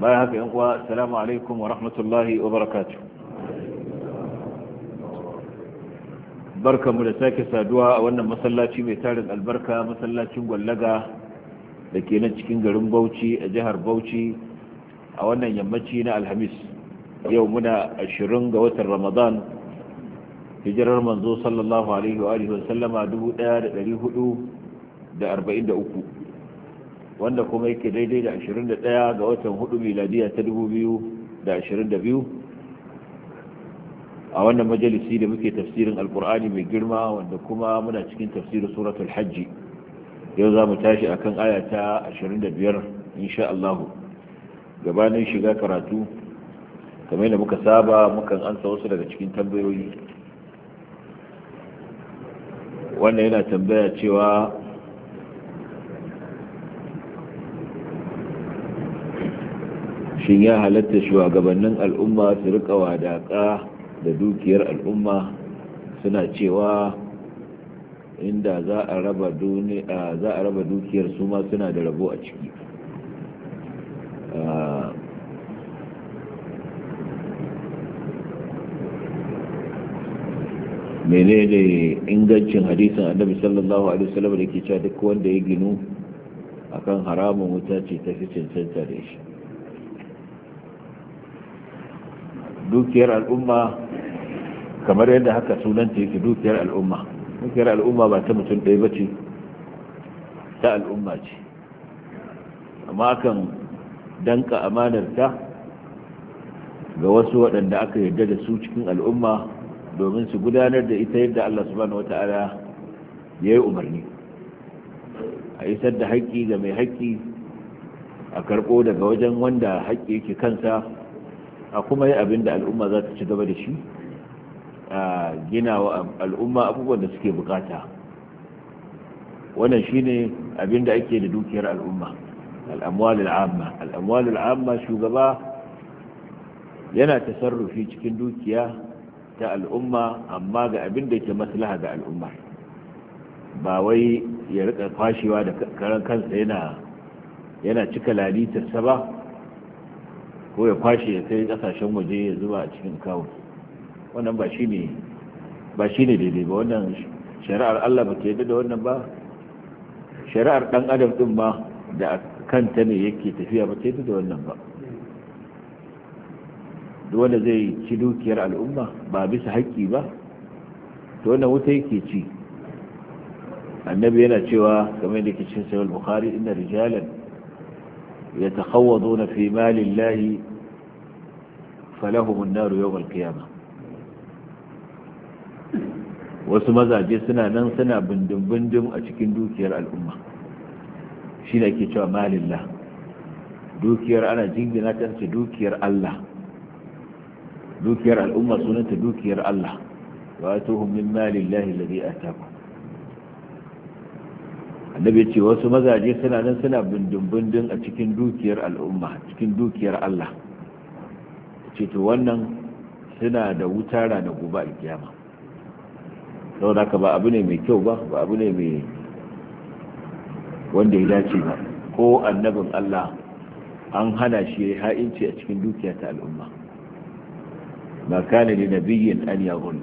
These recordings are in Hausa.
bayan haka yan kuwa salamu alaikum wa rahmatullahi wa barakatu barkamu da sake saduwa a wannan masallaci mai tarin albarka masallacin gwallaga da ke nan cikin garin bauchi a jihar bauchi a wannan yammaci na alhamis yau muna ashirin ga watan ramadan hijirar manzo sallallahu alaihi wa sallama 1443 wanda kuma yake daidai da 21 ga watan 4 miladiya ta 2022 a wannan majalisi da muke tafsirin alkur'ani mai girma wanda kuma muna cikin tafsirin suratul hajji yau za mu tashi a kan aya ta 25 insha Allahu gabanin shiga karatu kamar da muka saba mukan ansa wasu daga cikin tambayoyi wannan yana tambaya cewa shin ya halatta shugabannin al'umma su rika wadaƙa da dukiyar al'umma suna cewa inda za a raba dukiyar su ma suna da rabo a ciki ah, mene ne ingancin hadisin annabi sallallahu alaihi wasallam da ke cewa duk wanda ya ginu akan haramun wuta ce ta fi cancanta da shi dukiyar al'umma kamar yadda haka sunanta yake dukiyar al'umma dukiyar al'umma ba ta mutum ɗaya ba ce ta al'umma ce amma kan danka amanarta ga wasu waɗanda aka yarda da su cikin al'umma domin su gudanar da ita yadda Allah subhanahu wata'ala ya yi umarni a isar da haƙƙi ga mai haƙƙi a karɓo daga wajen wanda haƙƙi yake kansa a kuma yi abin da al'umma za ta ci gaba da shi a gina wa al'umma abubuwan da suke bukata wannan shine abin da ake da dukiyar al'umma al'amwalul amma al'amwalul amma shugaba yana tasarrufi cikin dukiya ta al'umma amma ga abin da yake maslaha ga al'umma ba wai ya rika kwashewa da karan kansa yana yana cika lalitarsa ba ko ya kwashe ya kai kasashen waje ya zuba a cikin kawo wannan ba shi ne ba shi ne daidai ba wannan shari'ar Allah ba ke yadda da wannan ba shari'ar dan adam din ba da kanta ne yake tafiya ba ta yadda da wannan ba duk wanda zai ci dukiyar al'umma ba bisa haƙƙi ba to wannan wuta yake ci annabi yana cewa game da cikin sahih bukhari inna rijalan يتخوضون في مال الله فلهم النار يوم القيامة wasu mazaje suna nan suna bindin-bindin a cikin dukiyar al'umma shi ne ake cewa malillah dukiyar ana jingina ta ce dukiyar Allah dukiyar al'umma sunanta dukiyar Allah wa atuhum min malillahi a ataakum annabi ce wasu mazaje suna nan suna bindin-bindin a cikin dukiyar al'umma cikin dukiyar Allah ce to wannan suna da wuta da guba kiyama sau da ba abu ne mai kyau ba ba abu ne mai wanda ya dace ba ko annabin Allah an hana shi ya ha'inci a cikin dukiya ta al'umma ma kana li nabiyyin an yaghul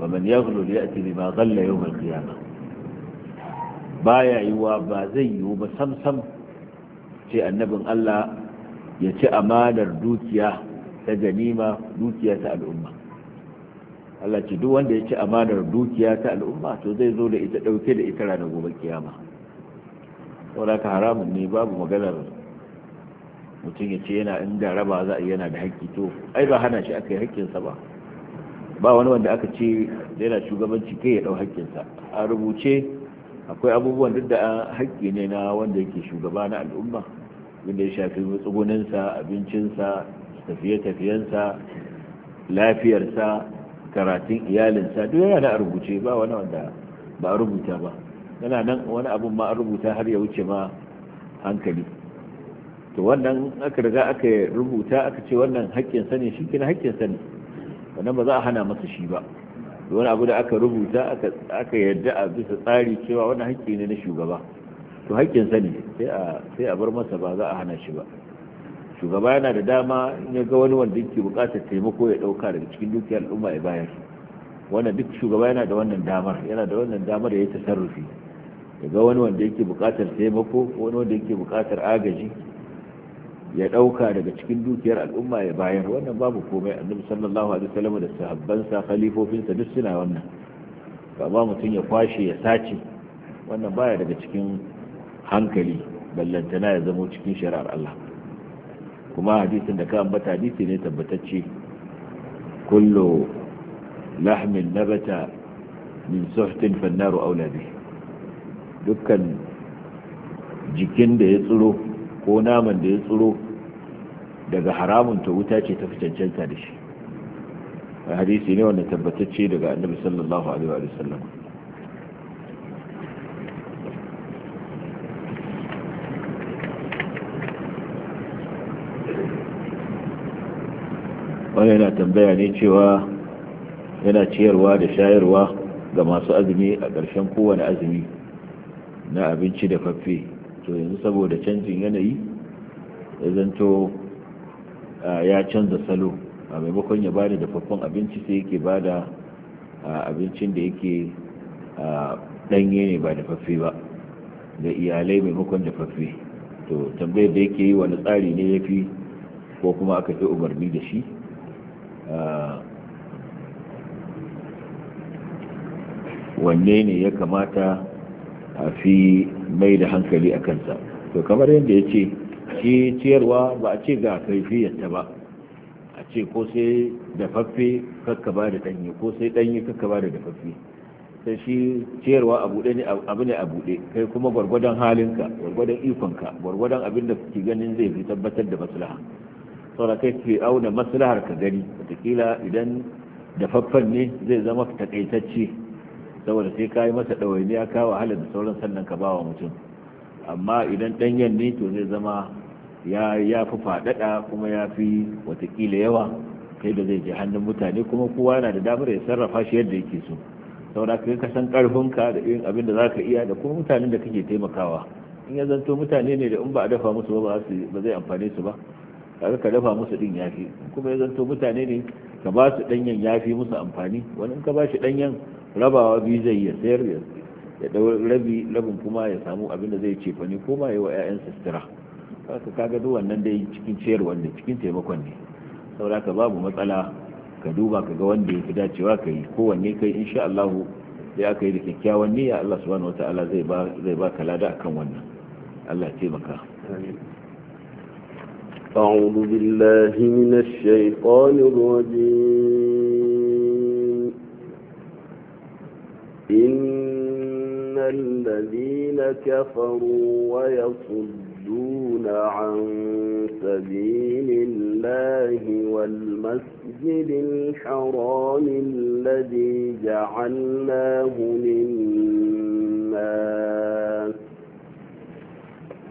wa man yaghlu ya'ti bima ghalla yawm al-qiyamah baya yiwa ba zai yiwu ba sam sam ce annabin Allah ya ci amanar dukiya ta ganima dukiya ta al'umma Allah ce duk wanda ya ci amanar dukiya ta al'umma to zai zo da ita dauke da ita ranar gobe kiyama wala ka haramun ne babu maganar mutum ya ce yana inda raba za a yana da haƙƙi to ai ba hana shi aka yi haƙƙinsa ba ba wani wanda aka ce yana shugabanci kai ya ɗau haƙƙinsa a rubuce akwai abubuwan duk da haƙƙi ne na wanda yake shugaba na al'umma wanda ya shafi tsugunansa abincinsa tafiye-tafiyensa lafiyarsa karatun iyalinsa duk yana a rubuce ba wani wanda ba a rubuta ba yana nan wani abun ma a rubuta har ya wuce ma hankali to wannan aka riga aka rubuta aka ce wannan haƙƙin sani shi kina haƙƙin sani wannan ba za a hana masa shi ba wani abu da aka rubuta aka yarda a bisa tsari cewa wani haƙƙi ne na shugaba to haƙƙin sani sai a bar masa ba za a hana shi ba shugaba yana da dama in ya ga wani wanda yake buƙatar taimako ya ɗauka daga cikin dukiyar al'umma ya bayar wannan duk shugaba yana da wannan damar yana da wannan damar da ya tasarrufi ya ga wani wanda yake buƙatar taimako wani wanda yake buƙatar agaji ya ɗauka daga cikin dukiyar al'umma ya bayar wannan babu komai annabi sallallahu alaihi wasallam da sahabbansa khalifofinsa duk suna wannan ba ba mutum ya kwashe ya sace wannan baya daga cikin hankali ballantana ya zama cikin shari'ar Allah kuma hadisin da ka ambata hadisi ne tabbatacce kullu lahmin nabata min suhtin fannaru aula dukkan jikin da ya tsiro ko naman da ya tsoro daga haramun ta wuta ce ta fi cancanta da shi a hadisi ne wanda tabbatacce daga annabi sallallahu alaihi wa sallam wani yana tambaya ne cewa yana ciyarwa da shayarwa ga masu azumi a ƙarshen kowane azumi na abinci da faffe to yanzu saboda canjin yanayi ya zanto ya canza salo a maimakon ya bada dafaffen abinci sai yake bada abincin da yake danye ne ba dafaffe ba da iyalai maimakon dafaffe to tambayar da yake yi wani tsari ne ya fi ko kuma aka fi umarni da shi wanne ne ya kamata a fi mai da hankali a kansa to kamar yadda ya ce shi ciyarwa ba a ce ga kaifiyarta ba a ce ko sai dafaffe kakka ba da danyi ko sai danyi kakka ba da dafaffe sai shi ciyarwa abu ne a buɗe kai kuma gwargwadon halinka gwargwadon ikonka gwargwadon abin da kake ganin zai fi tabbatar da maslaha saboda kai ke auna maslahar ka gani wataƙila idan dafaffen ne zai zama takaitacce saboda sai ka yi masa ya kawo halin da sauran sannan ka bawa mutum amma idan ɗanyen ne to zai zama ya ya fi faɗaɗa kuma ya fi watakila yawa kai da zai je hannun mutane kuma kowa yana da damar ya sarrafa shi yadda yake so saboda kai ka san ƙarfinka da irin abin da za ka iya da kuma mutanen da kake taimakawa in ya zanto mutane ne da in ba a dafa musu ba ba zai amfane su ba kaga ka dafa musu din yafi kuma ya zanto mutane ne ka ba su danyen yafi musu amfani wani in ka ba shi danyen rabawa biyu zai ya sayar ya dau rabi rabin kuma ya samu abin da zai ce fa ni ko ma yi wa 'ya'yansa sutura kaga duk wannan dai cikin ciyar wanda cikin taimakon ne saboda ka babu matsala ka duba ka ga wanda ya fi dacewa ka yi kowanne kai insha Allah sai aka yi da kyakkyawan niyya Allah subhanahu wataala zai ba zai ba ka lada akan wannan Allah ya taimaka أعوذ بالله من الشيطان الرجيم كفروا ويصدون عن سبيل الله والمسجد الحرام الذي جعلناه للناس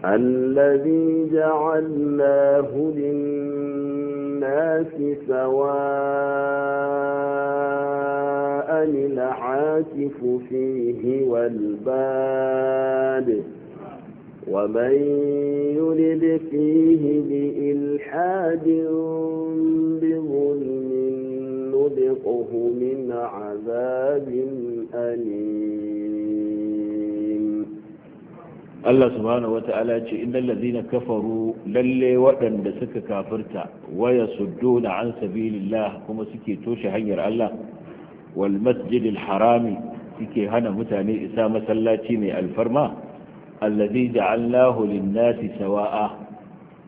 الذي جعلناه للناس سواء الرحمن لعاكف فيه والباد ومن يرد فيه بإلحاد بظلم نذقه من عذاب أليم الله سبحانه وتعالى إن الذين كفروا للي وأن دسك كافرت ويصدون عن سبيل الله كما سكي توشي حير الله wal masjidil harami suke hana mutane isa masallaci mai alfarma allazi allahu lin-nasi sawa'a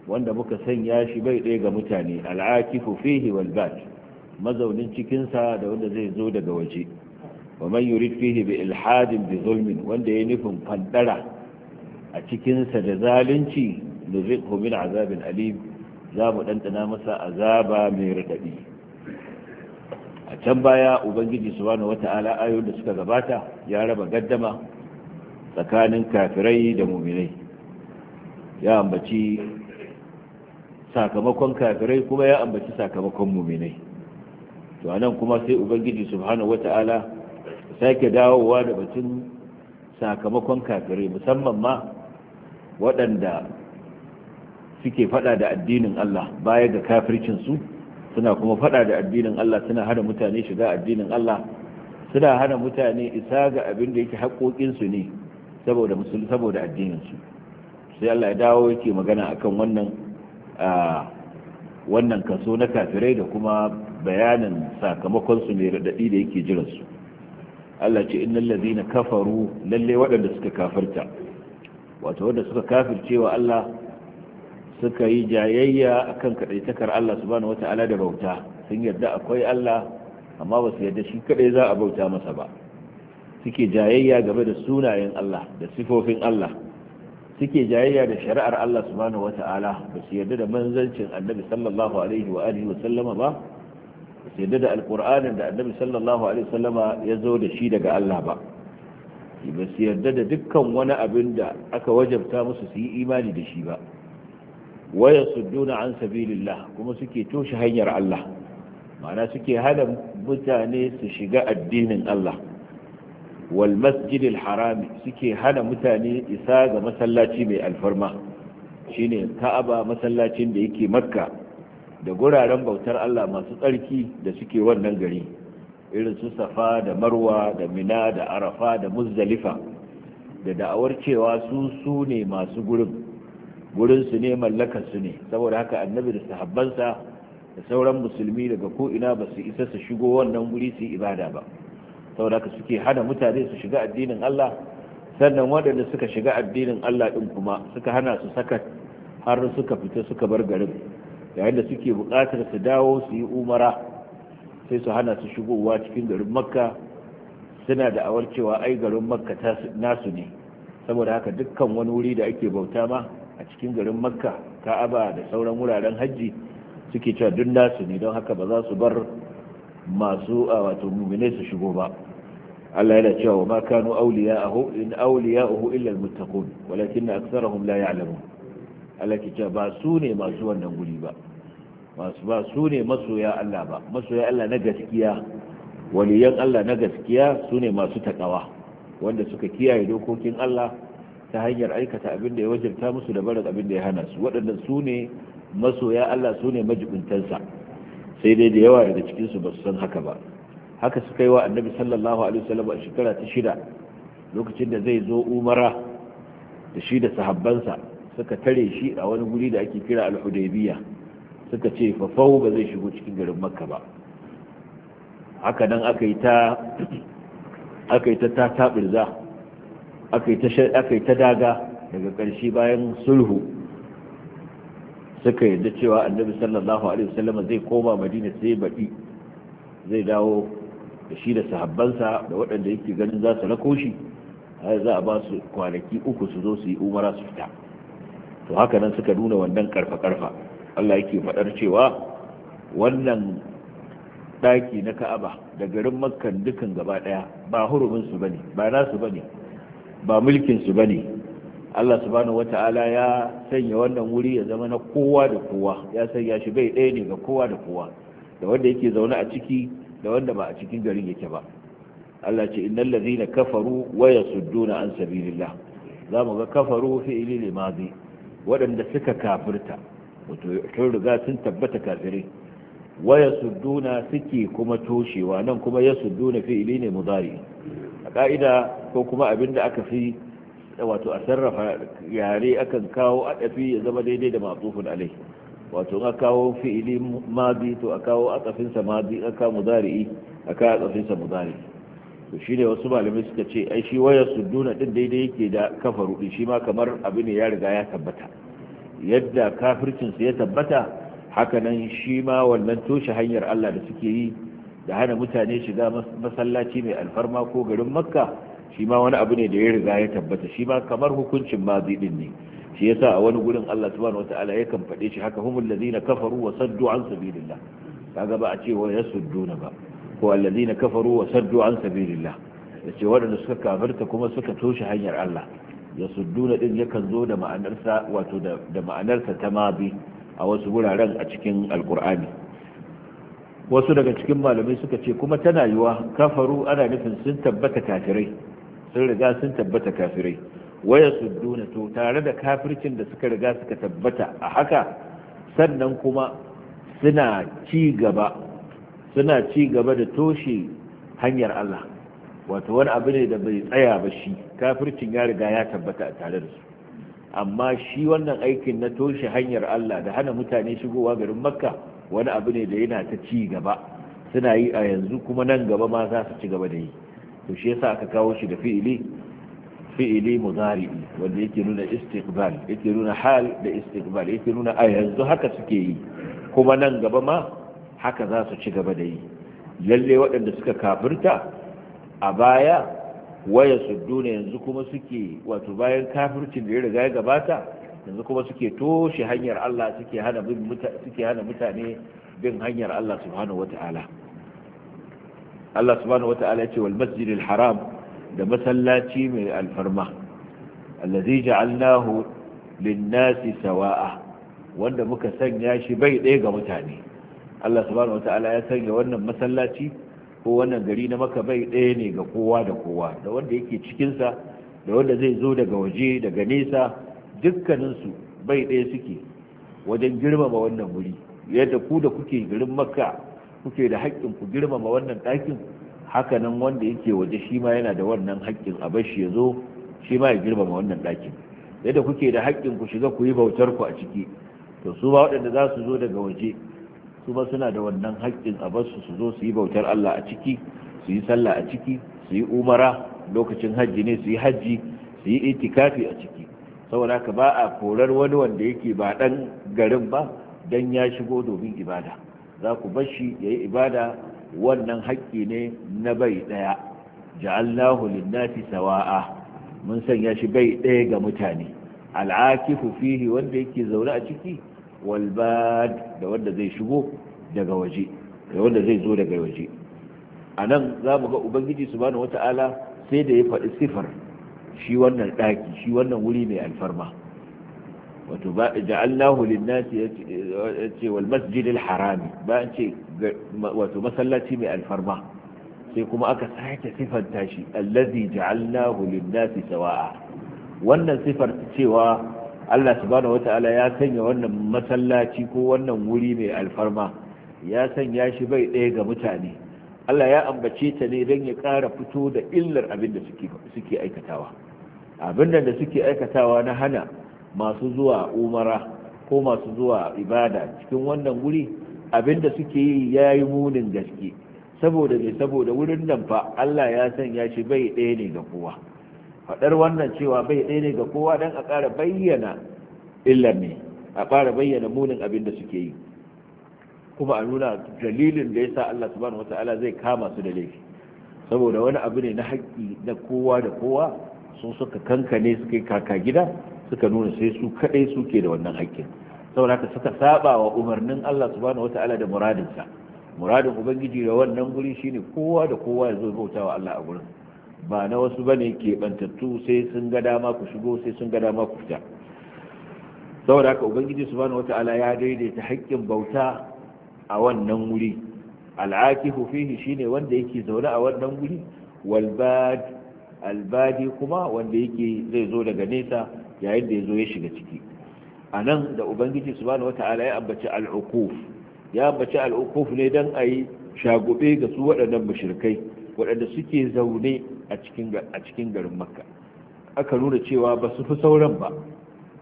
wanda muka sanya shi bai ɗaya ga mutane al'akifu fihi mazaunin cikinsa da wanda zai zo daga waje wa man yurid fihi ilhadin bi zulmin wanda ya yi nufin fandara a cikinsa da zalunci nuzihu min azabin alim zamu mu dandana masa azaba mai radadi can baya ubangiji subhanahu wata'ala ayoyin da suka gabata ya raba gaddama tsakanin kafirai da muminai ya ambaci sakamakon kafirai kuma ya ambaci sakamakon muminai to anan kuma sai ubangiji subhanahu wata'ala sake dawowa da batun sakamakon kafirai musamman ma waɗanda suke fada da addinin Allah baya ga kafircin su suna kuma fada da addinin Allah suna hana mutane shiga addinin Allah suna hana mutane isa ga abin da yake haƙoƙinsu ne saboda musulmi saboda addininsu sai Allah ya dawo yake magana akan wannan wannan kaso na kafirai da kuma bayanin sakamakonsu mai raɗaɗi da yake jiransu Allah ce innal ladina kafaru lalle waɗanda suka kafirta wato wanda suka kafircewa Allah suka yi jayayya a kan kaɗaitakar Allah subhanahu wata'ala da bauta sun yarda akwai Allah amma ba su yarda shi kaɗai za a bauta masa ba suke jayayya game da sunayen Allah da sifofin Allah suke jayayya da shari'ar Allah subhanahu wata'ala ba su yarda da manzancin annabi sallallahu alaihi wa alihi wa sallama ba ba su yarda da alqur'anin da annabi sallallahu alaihi wa sallama ya zo da shi daga Allah ba ba su yarda da dukkan wani abin da aka wajabta musu su yi imani da shi ba waya duna an sabilillah kuma suke toshe hanyar Allah ma'ana suke hada mutane su shiga addinin Allah wal masjidil harami suke hana mutane isa ga masallaci mai alfarma shine ka'aba masallacin da yake makka da guraren bautar Allah masu tsarki da suke wannan gari irin su safa da marwa da mina da arafa da muzdalifa da da'awar cewa su sune masu gurin gurinsu ne mallakarsu ne saboda haka annabi da sahabbansa da sauran musulmi daga ko'ina ba su isa su shigo wannan wuri su ibada ba saboda haka suke hana mutane su shiga addinin Allah sannan waɗanda suka shiga addinin Allah ɗin kuma suka hana su saka har suka fita suka bar garin yayin da suke buƙatar su dawo su yi umara sai su hana su shigowa cikin garin makka suna da awar cewa ai garin makka nasu ne saboda haka dukkan wani wuri da ake bauta ma a cikin garin makka ka'aba da sauran wuraren hajji suke cewa duk nasu ne don haka ba za su bar masu a wato mummune su shigo ba Allah yana cewa wa ma kanu awliya'ahu in awliya'uhu illa almuttaqun walakin aktharuhum la ya'lamun Allah ke cewa ba su ne masu wannan guri ba masu ba su ne masoya Allah ba masoya Allah na gaskiya waliyan Allah na gaskiya su ne masu takawa wanda suka kiyaye dokokin Allah ta hanyar aikata abin da ya wajabta musu da barin abin da ya hana su waɗanda su ne masoya Allah su ne majibintansa sai dai da yawa daga cikinsu ba su san haka ba haka suka yi wa annabi sallallahu alaihi wasallam a shekara ta shida lokacin da zai zo umara da shi da sahabbansa suka tare shi a wani guri da ake kira al-hudaybiyya suka ce fafau ba zai shigo cikin garin makka ba haka nan aka yi ta aka yi ta ta tabirza aka yi ta daga daga ƙarshe bayan sulhu suka yadda cewa annabi sallallahu alaihi wasallam zai koma madina sai baɗi zai dawo da shi da sahabbansa da waɗanda yake ganin za su lako shi har za a ba su kwanaki uku su zo su yi umara su fita to haka nan suka nuna wannan karfa-karfa Allah yake faɗar cewa wannan ɗaki na ka'aba da garin makkan dukan gaba ɗaya ba hurumin su bane ba nasu bane ba mulkinsu ba ne Allah subhanahu wata'ala ya sanya wannan wuri ya zama na kowa da kowa ya sanya shi bai ɗaya ne ga kowa da kowa da wanda yake zaune a ciki da wanda ba a cikin garin yake ba Allah ce innal ladhina kafaru wa yasudduna an sabilillah zamu ga kafaru fi'ili ne mazi waɗanda suka kafirta wato sun riga sun tabbata kafirai wa yasudduna suke kuma toshewa nan kuma yasudduna fi'ili ne mudari a ka'ida ko kuma abin da aka fi wato a sarrafa yare akan kawo adafi ya zama daidai da matsufin alai wato a kawo fi'ili madi to a kawo atsafinsa madi a kawo mudari'i a kawo atsafinsa muzari to shi ne wasu malamai suka ce ai shi wayar duna din daidai yake da kafa ruɗi shi ma kamar abin ya riga ya tabbata yadda kafircinsa ya tabbata haka nan shi ma wannan toshe hanyar Allah da suke yi da hana mutane shiga masallaci mai alfarma ko garin makka shi ma wani abu ne da ya riga ya tabbata shi ma kamar hukuncin mazi din ne shi yasa a wani gurin Allah subhanahu wata'ala ya kan faɗe shi haka humul ladina kafaru wa saddu an sabilillah kaga ba a ce wa yasudduna ba ko alladina kafaru wa saddu an sabilillah yace waɗanda suka kafirta kuma suka toshe hanyar Allah yasudduna din yakan zo da ma'anarsa wato da ma'anarsa ta mabi a wasu wuraren a cikin alkur'ani wasu daga cikin malamai suka ce kuma tana yiwa kafaru ana nufin sun tabbata kafirai sun riga sun tabbata kafirai waya duna to tare da kafircin da suka riga suka tabbata a haka sannan kuma suna ci gaba suna ci gaba da toshe hanyar Allah wato wani abu ne da bai tsaya ba shi kafircin ya riga ya tabbata a tare da su amma shi wannan aikin na toshe hanyar Allah da hana mutane shigowa garin makka wani abu ne da yana ta ci gaba suna yi a yanzu kuma nan gaba ma za su ci gaba da yi to shi yasa aka kawo shi da fi'ili fi'ili mudari wanda yake nuna istiqbal yake nuna hal da istiqbal yake nuna a yanzu haka suke yi kuma nan gaba ma haka za su ci gaba da yi lalle waɗanda suka kafirta a baya waya su duna yanzu kuma suke wato bayan kafircin da ya riga ya gabata yanzu kuma suke toshe hanyar Allah suke hana suke hana mutane bin hanyar Allah subhanahu wataala Allah subhanahu wata'ala ce wal masjidil haram da masallaci mai alfarma allazi ja'alnahu lin-nasi sawa'a wanda muka sanya shi bai ɗaya ga mutane Allah subhanahu wata'ala ya sanya wannan masallaci ko wannan gari na maka bai ɗaya ne ga kowa da kowa da wanda yake cikinsa da wanda zai zo daga waje daga nesa dukkaninsu bai ɗaya suke wajen girmama wannan wuri yadda ku da kuke garin makka kuke da haƙƙin ku girmama wannan ɗakin haka nan wanda yake waje shi ma yana da wannan haƙƙin a bashi ya zo shi ma ya girmama wannan ɗakin yadda kuke da haƙƙin ku shiga ku yi bautar ku a ciki to su ba waɗanda za su zo daga waje su ba suna da wannan haƙƙin a basu su zo su yi bautar Allah a ciki su yi sallah a ciki su yi umara lokacin hajji ne su yi hajji su yi itikafi a ciki saboda ka ba a korar wani wanda yake ba ɗan garin ba dan ya shigo domin ibada za ku bashi ya yi ibada wannan haƙƙi ne na bai ɗaya ja'allahu linnati sawa'a mun sanya shi bai ɗaya ga mutane al'akifu fihi wanda yake zaune a ciki bad da wanda zai shigo daga waje da wanda zai zo daga waje a nan za mu ga ubangiji subhanahu wata'ala sai da ya faɗi sifar shi wannan ɗaki shi wannan wuri mai alfarma wato ba ja'alnahu lin-nasi yace wal masjidil harami ba ce wato masallaci mai alfarma sai kuma aka sake sifanta shi allazi ja'alnahu lin-nasi sawa'a wannan sifar cewa Allah subhanahu wata'ala ya sanya wannan masallaci ko wannan wuri mai alfarma ya sanya shi bai ɗaya ga mutane Allah ya ambace ta ne don ya ƙara fito da illar abin da suke aikatawa abin da suke aikatawa na hana masu zuwa umara ko masu zuwa ibada cikin wannan guri abinda suke yi ya yi munin gaske saboda ne saboda wurin nan fa Allah ya sanya shi bai ɗaya ne ga kowa faɗar wannan cewa bai ɗaya ne ga kowa don a ƙara bayyana illar ne a ƙara bayyana munin abin da suke yi kuma a nuna dalilin da ya sa Allah subhanahu ta'ala zai kama su da laifi saboda wani abu ne na haƙƙi na kowa da kowa sun suka kankane suka yi kaka gida suka nuna sai su kadai suke da wannan haƙƙin saboda haka suka saba wa umarnin Allah subhanahu wataala da muradinsa muradin ubangiji da wannan guri shine kowa da kowa ya zo bautawa Allah a gurin ba na wasu bane bantattu sai sun ga dama ku shigo sai sun ga dama ku fita saboda haka ubangiji subhanahu wataala ya daidaita haƙƙin bauta a wannan wuri al'akifu fihi shine wanda yake zaune a wannan wuri walbad albadi kuma wanda yake zai zo daga nesa yayin da ya zo ya shiga ciki a nan da ubangiji subhanahu wata'ala ya ambaci al'ukuf ya ambaci al'ukuf ne don a yi shagube ga su waɗannan mushrikai waɗanda suke zaune a cikin garin makka aka nuna cewa ba su fi sauran ba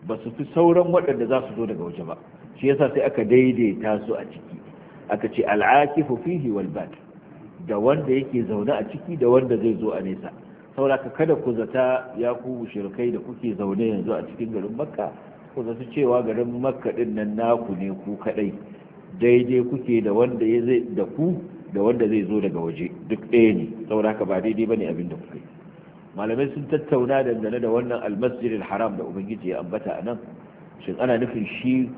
ba su fi sauran waɗanda za su zo daga waje ba shi yasa sai aka daidaita su a ciki aka ce al'akifu fihi wal bat da wanda yake zaune a ciki da wanda zai zo a nesa sauraka kada ku zata ya ku shirkai da kuke zaune yanzu a cikin garin makka ku zata cewa garin makka din nan naku ne ku kadai daidai kuke da wanda ya zai da ku da wanda zai zo daga waje duk ɗaya ne ka ba daidai bane abin da kuke malamai sun tattauna dangane da wannan almasjid haram da ubangiji ya ambata a nan shin ana nufin shi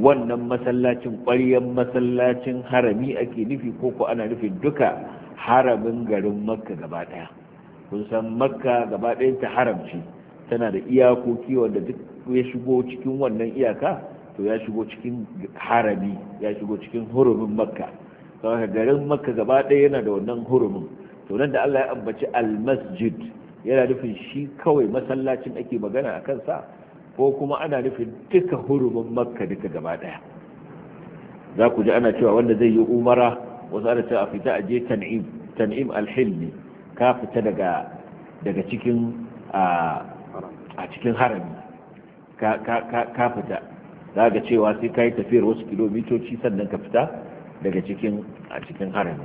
wannan masallacin ƙwaryar masallacin harami ake nufi ko ko ana nufin duka haramin garin makka gaba ɗaya kun san makka gaba ɗayan ta haramci tana da iyakoki wanda duk ya shigo cikin wannan iyaka to ya shigo cikin harami ya shigo cikin hurumin makka kawai garin makka gaba ɗaya yana da wannan hurumin to nan da allah ya ambaci almasjid yana nufin shi kawai masallacin ake magana a kansa ko kuma ana nufin duka hurumin makka duka gaba ɗaya za ku ji ana cewa wanda zai yi umara wasu ana cewa a fita a je tan'im tan'im alhilmi ka fita daga daga cikin a cikin harami ka fita za ga cewa sai ka yi tafiyar wasu kilomitoci sannan ka fita daga cikin a cikin harami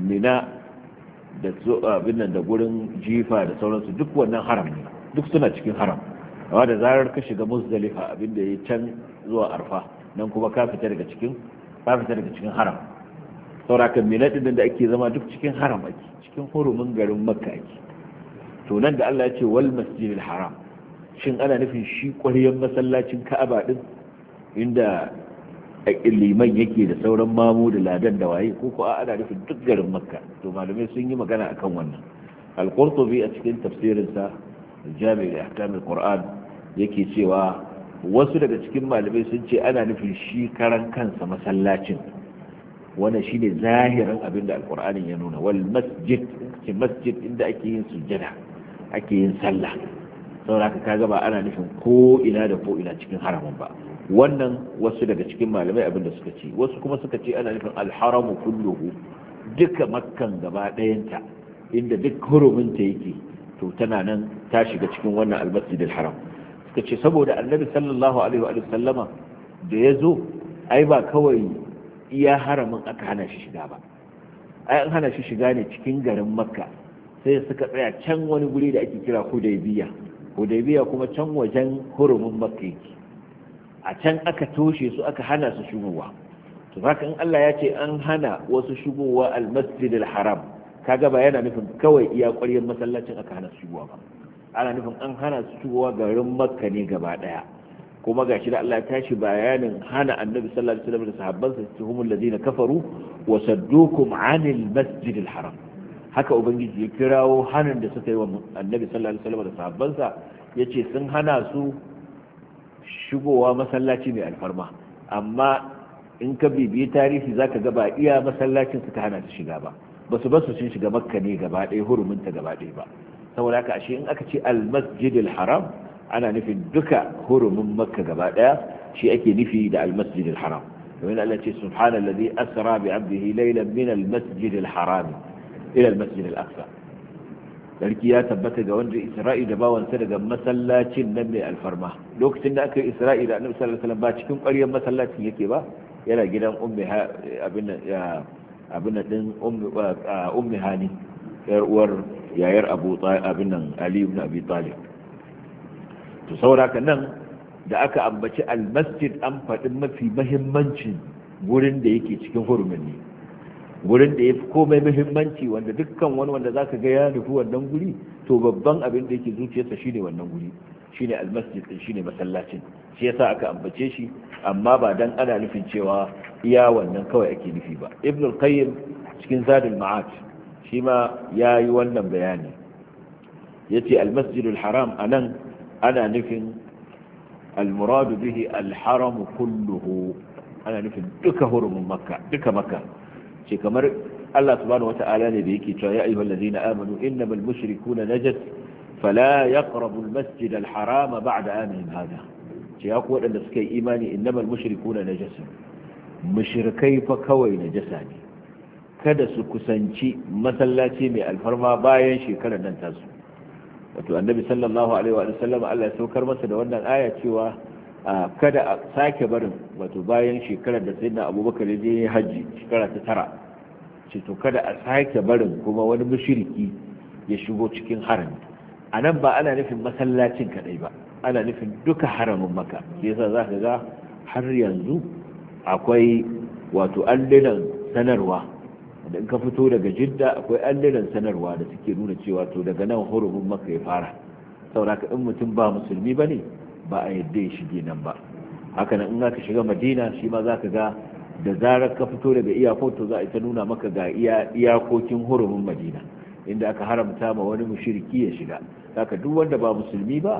Nina da abin nan da gurin jifa da sauransu duk wannan haram ne duk suna cikin haram amma da zarar ka shiga musdalifa abin da ya can zuwa arfa nan kuma ka fita daga cikin ka fita daga cikin haram saurakan miladin da ake zama duk cikin haram ake cikin hurumin garin makka ake to nan da Allah ya ce wal masjidil haram shin ana nufin shi ƙwaryen masallacin ka'aba din inda liman yake da sauran mamu da ladan da waye ko ko ana nufin duk garin makka to malamai sun yi magana akan wannan al-qurtubi a cikin tafsirinsa jami'ul ahkam al-qur'an yake cewa wasu daga cikin malamai sun ce ana nufin shi karan kansa masallacin shi shine zahirin abin da alqur'anin ya nuna wal masjid masjid inda ake yin sujjada ake yin sallah saboda ka kaga ba ana nufin ko ina da ko ina cikin haramun ba wannan wasu daga cikin malamai abin da suka ce wasu kuma suka ce ana nufin alharamu kulluhu duka makkan gaba ɗayanta inda duk huruminta yake to tana nan ta shiga cikin wannan almasjidil haram suka ce saboda annabi sallallahu alaihi wa sallama da ya zo ai ba kawai Ya haramin aka hana shi shiga ba ai an hana shi shiga ne cikin garin makka sai suka tsaya can wani guri da ake kira hudaybiya hudaybiya kuma can wajen hurumin makka yake a can aka toshe su aka hana su shigowa to haka in Allah ya ce an hana wasu shigowa al-masjid al-haram kaga ba yana nufin kawai iya ƙwaryar masallacin aka hana su shigowa ba ana nufin an hana su shigowa garin makka ne gaba daya kuma gashi da Allah ya tashi bayanin hana annabi sallallahu alaihi wasallam da sahabbansa su humul ladina kafaru wa saddukum anil masjidil haram haka ubangiji ya kirawo hanin da suka yi wa annabi sallallahu alaihi wasallam da sahabbansa yace sun hana su shigowa masallaci mai alfarma amma in ka bibiyi tarihi zaka ga ba iya masallacin suka hana su shiga ba ba su basu sun shiga makka ne gaba ɗaya huruminta gaba ɗaya ba saboda haka ashe in aka ce al masjidil haram ana nufin duka hurumin makka gaba daya shi ake nufi da almasjid alharam domin Allah ce subhana alladhi asra bi abdihi laylan min almasjid alharam ila almasjid alaqsa sarki ya tabbata ga wanda isra'i da bawansa daga masallacin nan mai alfarma lokacin da aka yi isra'i da annabi sallallahu alaihi wasallam ba cikin ƙwaryar masallacin yake ba yana gidan ummi abin abin din uh, ummi hani yar uwar yayar abu abin nan ali ibn abi talib to sauraka nan da aka ambaci almasjid an faɗi mafi mahimmancin wurin da yake cikin hurumin ne wurin da ya fi komai mahimmanci wanda dukkan wani wanda za ka ga ya nufi wannan guri to babban abin da yake zuciyarsa shine wannan guri shine almasjid din shine masallacin shi yasa aka ambace shi amma ba dan ana nufin cewa iya wannan kawai ake nufi ba ibn al-qayyim cikin zadul ma'ad shi ma yayi wannan bayani yace almasjidul haram anan ana nufin almuradu bihi alharamu kulluhu ana nufin duka hurumin makka duka makka ce kamar Allah subhanahu wata'ala ne da yake cewa ya ayyuhal ladina amanu innamal mushrikuna najas fala yaqrabu almasjid alharama ba'da amihim hada ce ya ku wadanda suka yi imani innamal mushrikuna najas mushrikai fa kawai najasa ne kada su kusanci masallaci mai alfarma bayan shekarar nan ta tasu wato annabi sallallahu alaihi wa sallam Allah ya saukar masa da wannan aya cewa kada a sake barin wato bayan shekarar da sayyidina abubakar ya je hajji shekara ta tara ce to kada a sake barin kuma wani mushriki ya shigo cikin harami a nan ba ana nufin masallacin kadai ba ana nufin duka haramin maka yasa za ka ga har yanzu akwai wato allunan sanarwa idan ka fito daga jidda akwai alliran sanarwa da suke nuna cewa to daga nan hurumin maka ya fara sauraka in mutum ba musulmi ba ne ba a yadda ya shige nan ba haka nan in za ka shiga madina shi ma za ka ga da zarar ka fito daga iyakon to za a ita nuna maka ga iyakokin hurumin madina inda aka haramta ma wani mushriki ya shiga haka duk wanda ba musulmi ba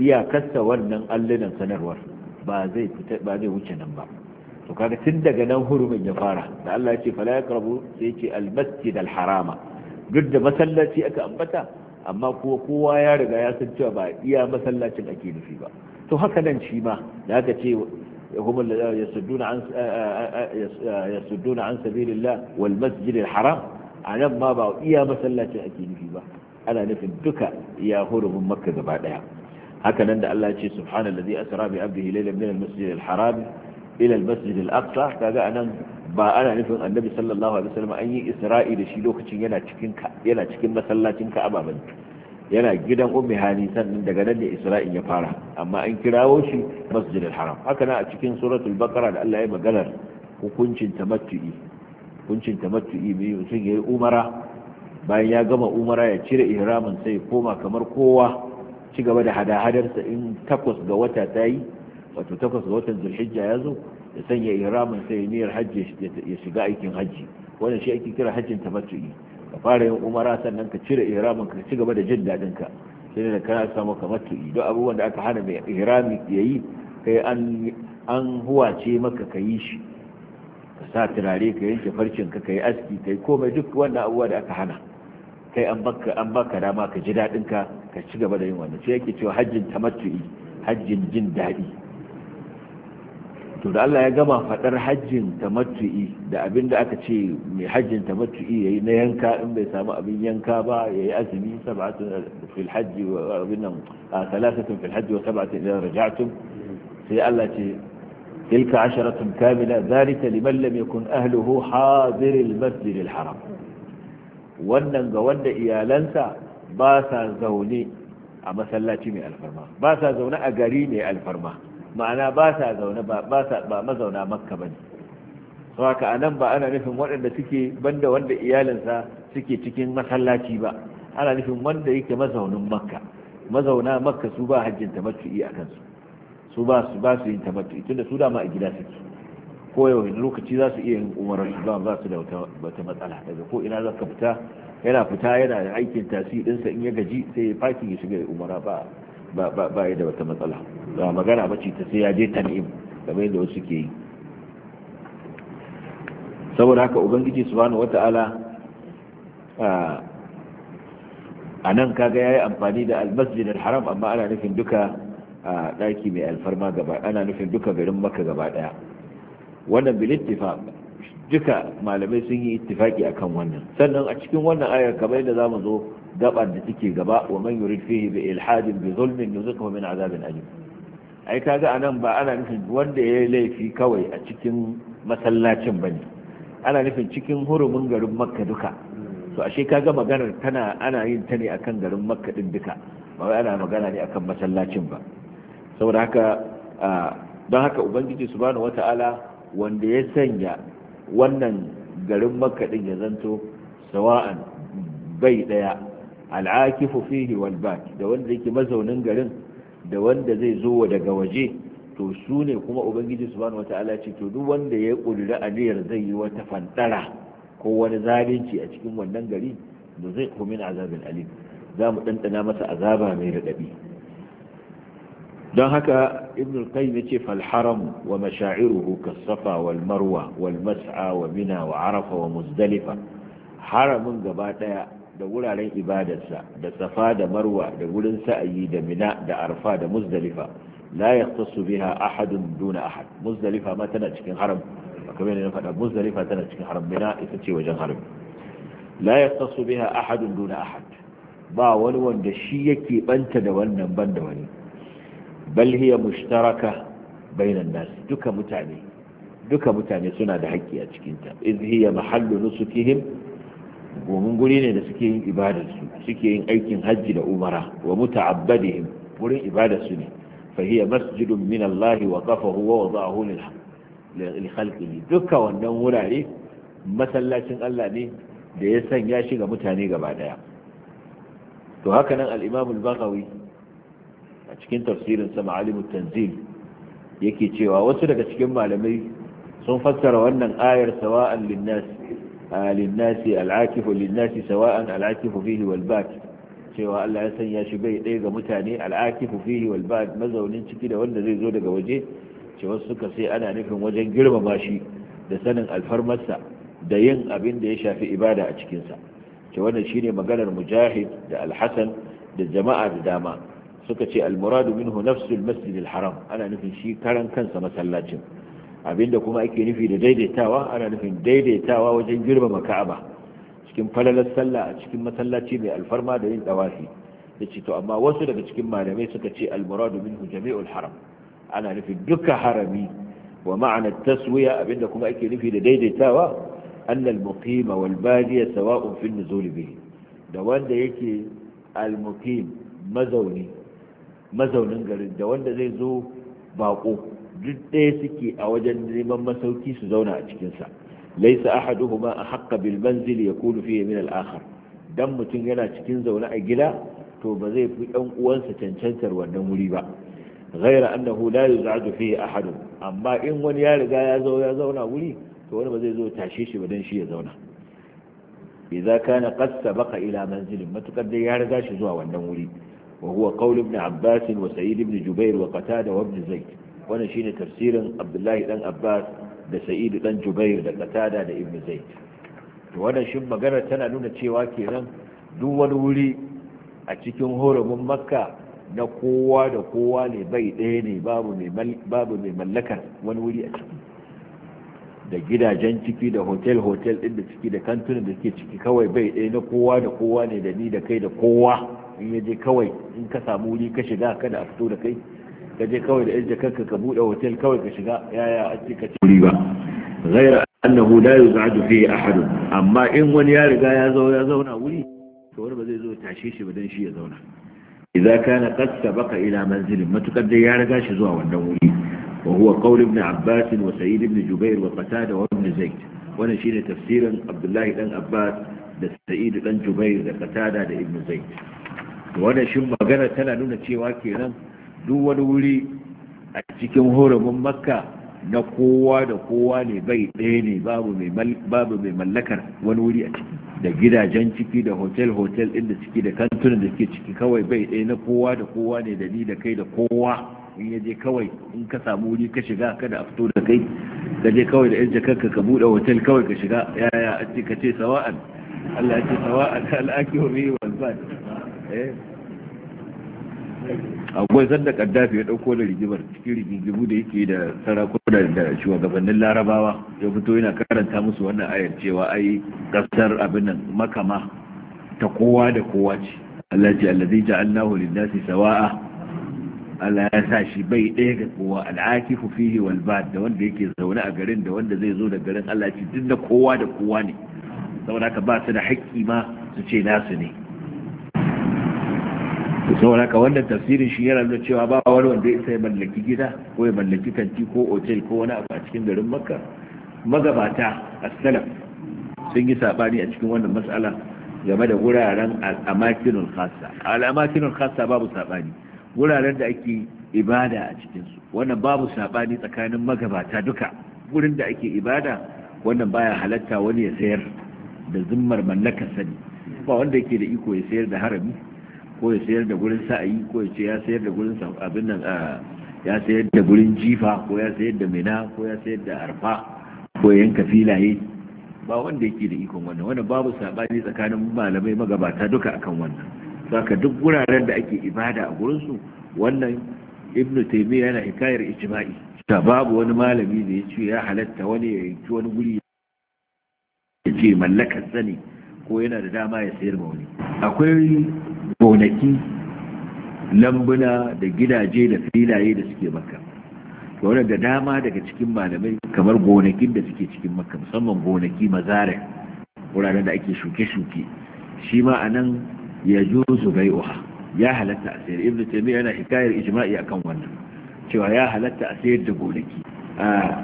iyakarsa wannan allinan sanarwar ba zai wuce nan ba to kaga tun daga nan hurumin ya fara da Allah ya ce fala yaqrabu sai ce al-masjid harama duk da masallaci aka ambata amma kuwa kowa ya riga ya san cewa ba iya masallacin ake nufi ba to haka nan shi ma da aka ce هم يسدون عن يسدون a nan ma ba iya masallacin ake nufi ba ana nufin duka iya hurumin makka gaba daya haka nan da Allah ya ce subhanallazi asra bi abdihi laylan min al alharam. ila al-masjid al-aqsa kaga anan ba ana nufin annabi sallallahu alaihi wasallam an yi isra'i da shi lokacin yana cikin yana cikin masallacin ka'aba yana gidan ummi hani sannan daga nan ne isra'il ya fara amma an kirawo shi masjid al-haram haka na a cikin suratul baqara da Allah ya maganar hukuncin tamattu'i hukuncin tamattu'i mai sun yayi umara bayan ya gama umara ya cire ihramin sai koma kamar kowa ci gaba da hada-hadarsa in takwas ga wata ta yi wato takwas ga watan zulhijja ya zo ya sanya ihramin sai niyyar hajji ya shiga aikin hajji wannan shi ake kira hajjin tamattu'i ka fara yin umara sannan ka cire ihramin ka ci gaba da jin dadin ka sai da kana samu tamattu'i don abubuwan da aka hana mai ihrami yi, kai an an huwace maka ka yi shi ka sa turare ka yanke farcin ka yi aski ka yi komai duk wannan abubuwa da aka hana kai an baka an baka dama ka ji daɗin ka ka ci gaba da yin wannan sai yake cewa hajjin tamattu'i hajjin jin daɗi to da Allah ya gama faɗar hajjin tamattu'i da abin da aka ce mai hajjin tamattu'i yayi na yanka in bai samu abin yanka ba yayi azumi sab'atun fil hajji wa abin nan thalathatun fil hajji wa sab'atun idan raja'tum sai Allah ce tilka asharatun kamila zalika liman lam yakun ahluhu hadir masjid al haram wannan ga wanda iyalansa ba sa zaune a masallaci mai alfarma ba sa zaune a gari mai alfarma ma'ana ba sa zaune ba ba mazauna makka ba ne su haka a nan ba ana nufin waɗanda suke banda wanda iyalinsa suke cikin masallaci ba ana nufin wanda yake mazaunin makka mazauna makka su ba hajjin tamattu'i a kansu su ba su ba su yin tamattu'i tunda su dama a gida suke ko yau lokaci za su iya yin umarar su ba ba su da wata matsala daga ko ina za ka fita yana fita yana aikin tasi ɗinsa in ya gaji sai ya faki ya shiga umara ba ba da wata matsala ba magana bace ta sai ya je tan'im kamar yadda wasu ke yi saboda haka ubangiji subhanahu wata'ala a nan kaga yayi amfani da almasjid haram amma ana nufin duka daki mai alfarma gaba ana nufin duka garin makka gaba daya wannan bil ittifaq duka malamai sun yi ittifaki akan wannan sannan a cikin wannan ayar kamar yadda zamu zo gabar da take gaba wa man yurid fihi bi ilhadin bi zulmin yuzikahu min azabin ajim ai kaga anan ba ana nufin wanda yayi laifi kawai a cikin masallacin bane ana nufin cikin hurumin garin makka duka to ashe kaga maganar tana ana yin ta ne akan garin makka din duka ba wai ana magana ne akan masallacin ba saboda haka don haka ubangiji subhanahu wata'ala wanda ya sanya wannan garin makka din ya zanto sawa'an bai daya al'akifu fihi wal da wanda yake mazaunin garin da wanda zai zo daga waje to su ne kuma ubangiji subhanahu wataala ce to duk wanda ya kudura aniyar zai yi wata fantara ko wani zalunci a cikin wannan gari da zai min azabin alim za mu ɗanɗana masa azaba mai raɗaɗi don haka ibn qayyim yace fal haram wa masha'iruhu kas-safa wal marwa wal mas'a wa mina wa arafa wa muzdalifa haramin gaba daya da wuraren ibadarsa da safa da marwa da wurin sa'ayi da mina da arfa da muzdalifa la yaqtasu biha ahadun duna ahad muzdalifa ma tana cikin haram kamar yadda na faɗa muzdalifa tana cikin haram mina ita ce wajen haram la yaqtasu biha ahadun duna ahad ba wani wanda shi yake banta da wannan ban da wani bal hiya mushtaraka bainan nas duka mutane duka mutane suna da haƙƙi a cikinta iz hiya mahallu nusukihim gomin guri ne da suke yin ibadarsu suke yin aikin hajji da umara wa muta'abbadihim wurin ibadarsu ne fa hiya masjidun min Allah wa qafahu wa wada'ahu lil khalqihi duka wannan wurare masallacin Allah ne da ya sanya shi ga mutane gaba daya to haka nan al bakawi a cikin tafsirin sama Ma'alimut Tanzil yake cewa wasu daga cikin malamai sun fassara wannan ayar sawa'an lin linnasi al'akifu linnasi sawa'an al'akifu fihi wal cewa Allah ya sanya shi bai ɗaya ga mutane al'akifu fihi wal mazaunin ciki da wanda zai zo daga waje cewa suka sai ana nufin wajen girmama shi da sanin alfarmarsa da yin abin da ya shafi ibada a cikinsa ce wannan shine maganar mujahid da alhassan da jama'a da dama suka ce almuradu minhu nafsul masjidil haram ana nufin shi karan kansa masallacin abinda kuma ake nufi da daidaitawa ana nufin daidaitawa wajen girmama ka'aba cikin falalar sallah a cikin masallaci mai alfarma da yin dawafi da ce to amma wasu daga cikin malamai suka ce almuradu minhu jami'ul haram ana nufi duka harami wa ma'ana taswiya abinda kuma ake nufi da daidaitawa annal muqima wal badiya sawa'un fi nuzul bihi da wanda yake al muqim mazauni mazaunin garin da wanda zai zo bako duk ɗaya suke a wajen neman masauki su zauna a cikinsa laisa ahaduhuma a haƙa bil manzil ya kunu fiye min al'akhar dan mutum yana cikin zaune a gida to ba zai fi ɗan uwansa cancantar wannan wuri ba ghaira annahu la yuz'adu fihi ahadun amma in wani ya riga ya zo ya zauna wuri to wani ba zai zo tashe shi ba dan shi ya zauna idza kana qad sabaqa ila manzilin matukar dai ya riga shi zuwa wannan wuri wa huwa qawl ibn abbas wa sa'id ibn jubair wa qatada wa ibn zaid shi shine tafsirin abdullahi dan abbas da sa'idu dan jubair da katada da ibnu zaid to wannan shin maganar tana nuna cewa kenan duk wani wuri a cikin horumin makka na kowa da kowa ne bai ɗaya ne babu mai mallakar wani wuri a ciki da gidajen ciki da hotel-hotel ɗin da ciki da kantunan da ke ciki kawai bai ɗaya na kowa da kowa ne da ni da kai da kowa in yaje kawai in ka samu wuri ka shiga kada a fito da kai ka je kawai da yajja kanka ka bude hotel kawai ka shiga yaya ake ka ci ba ghaira annahu la yuz'adu fihi ahad amma in wani ya riga ya zo ya zauna wuri to wani ba zai zo tashe shi ba dan shi ya zauna idza kana qad sabaqa ila manzilin matukar dai ya riga shi zuwa wannan wuri wa huwa qawl ibn abbas wa sa'id ibn jubair wa qatada wa ibn zaid wannan shine tafsirin abdullahi dan abbas da sa'id dan jubair da qatada da ibn zaid wannan shin magana tana nuna cewa kenan duk wani wuri a cikin horumin makka na kowa da kowa ne bai ɗaya ne babu mai mallakar wani wuri a ciki da gidajen ciki da hotel-hotel inda ciki da kantunan da ke ciki kawai bai ɗaya na kowa da kowa ne da ni da kai da kowa in ya je kawai in ka samu wuri ka shiga kada a fito da kai ka je kawai da yan jakarka ka buɗe hotel kawai ka shiga yaya a ce ka ce sawa'an Allah ya ce sawa'an al'aki wa mai wanzan akwai sanda kaddafi ya dauko da rigibar cikin rigingimu da yake da sarakuna da shugabannin larabawa ya fito yana karanta musu wannan ayar cewa ai kasar abin nan makama ta kowa da kowa ce Allah ce allazi ja'alnahu lin-nasi sawa'a Allah ya sa shi bai ɗaya ga kowa al'akifu fihi wal bad da wanda yake zaune a garin da wanda zai zo da garin Allah ce duk da kowa da kowa ne saboda haka ba su da haƙƙi ma su ce nasu ne da wannan tafsirin shi yana nuna cewa ba wani wanda ya ya mallaki gida ko ya mallaki kanti ko otel ko wani abu a cikin garin makka magabata a sun yi sabani a cikin wannan mas'ala game da wuraren al'amakinul khassa al'amakinul khassa babu sabani wuraren da ake ibada a cikinsu wannan babu sabani tsakanin magabata duka wurin da ake ibada wannan baya halatta wani ya sayar da zimmar mallakar sani ba wanda yake da iko ya sayar da harami ko ya sayar da gurin sa'ayi ko ya ce ya sayar da gurin abin nan ya sayar da gurin jifa ko ya sayar da mina ko ya sayar da arfa ko yanka filaye ba wanda yake da ikon wannan wannan babu sabani tsakanin malamai magabata duka akan wannan saka duk guraren da ake ibada a gurin su wannan ibnu taymiya yana hikayar ijma'i ta babu wani malami da ya ce ya halatta wani ya yanki wani guri ya ce mallakar sani ko yana da dama ya sayar ma wani akwai gonaki lambuna da gidaje da filaye da suke maka wadda da dama daga cikin malamai kamar gonakin da suke cikin maka musamman gonaki mazare wuraren da ake shuke-shuke shi ma a nan ya juzu uha ya halatta a sayar ibn taimiyya yana hikayar ijma'i akan wannan cewa ya halatta a sayar da gonaki ah,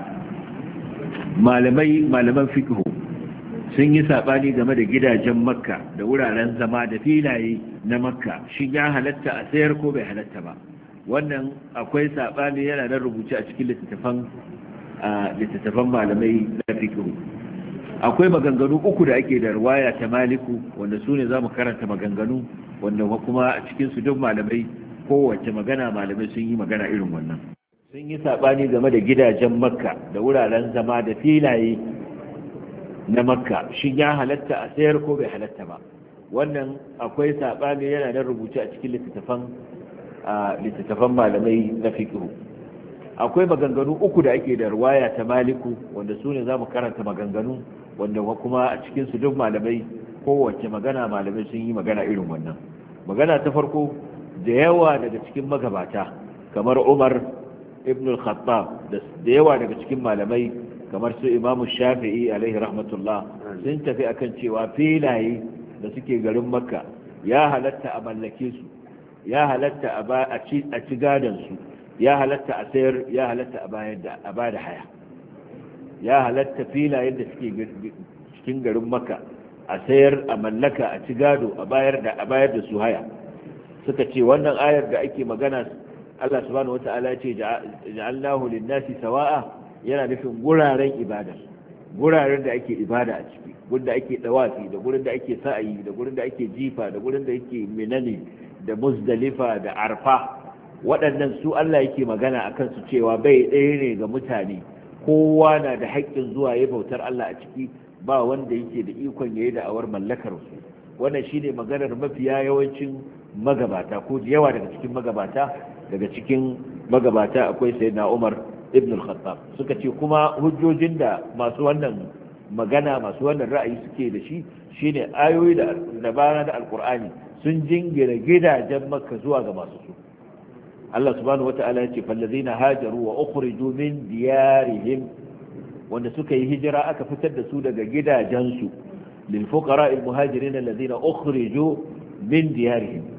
malamai malaman fikihu sun yi saɓani game da gidajen makka da wuraren zama da filaye na makka shi ya halatta a sayar ko bai halatta ba wannan akwai saɓani yana nan rubuce a cikin littattafan littattafan malamai na fikiru akwai maganganu uku da ake da ruwaya ta maliku wanda su ne za mu karanta maganganu wanda kuma a cikinsu duk malamai kowace magana malamai sun yi magana irin wannan sun yi saɓani game da gidajen makka da wuraren zama da filaye na makka shi ya halatta a sayar ko bai halatta ba wannan akwai saɓani yana da rubuce a cikin littattafan malamai na fikihu akwai maganganu uku da ake da ruwaya ta maliku wanda su ne za mu karanta maganganu wanda kuma a su duk malamai kowace magana malamai sun yi magana irin wannan magana ta farko da yawa daga cikin magabata kamar umar ibn al-khattab da yawa daga cikin malamai kamar su imamu shafi'i alaihi rahmatullah sun tafi akan cewa filaye da suke garin makka ya halatta a mallake su ya halatta a ci gadon su ya halatta a sayar ya halatta a ba da haya ya halatta filayen da suke cikin garin makka a sayar a mallaka a ci gado a bayar da su haya suka ce wannan ayar da ake magana Allah subhanahu wata'ala ya ce ja'alnahu lin-nasi sawa'a yana nufin guraren ibada guraren da ake ibada a ciki gurin da ake dawafi da gurin da ake sa'ayi da gurin da ake jifa da gurin da ake minani da muzdalifa da arfa waɗannan su Allah yake magana a kansu cewa bai ɗaya ne ga mutane kowa na da haƙƙin zuwa ya bautar Allah a ciki ba wanda yake da ikon ya yayi da'awar mallakar su wannan shine maganar mafiya yawancin magabata ko yawa daga cikin magabata daga cikin magabata akwai sayyidina Umar ibn al-khattab suka ce kuma hujjojin da masu wannan magana masu wannan ra'ayi suke da shi shine ayoyi da dabara da alqur'ani sun jingira gidajen makka zuwa ga masu su Allah subhanahu wata'ala ya ce fallazina hajaru wa ukhriju min diyarihim wanda suka yi hijira aka fitar da su daga gidajensu lil fuqara al muhajirin allazina ukhriju min diyarihim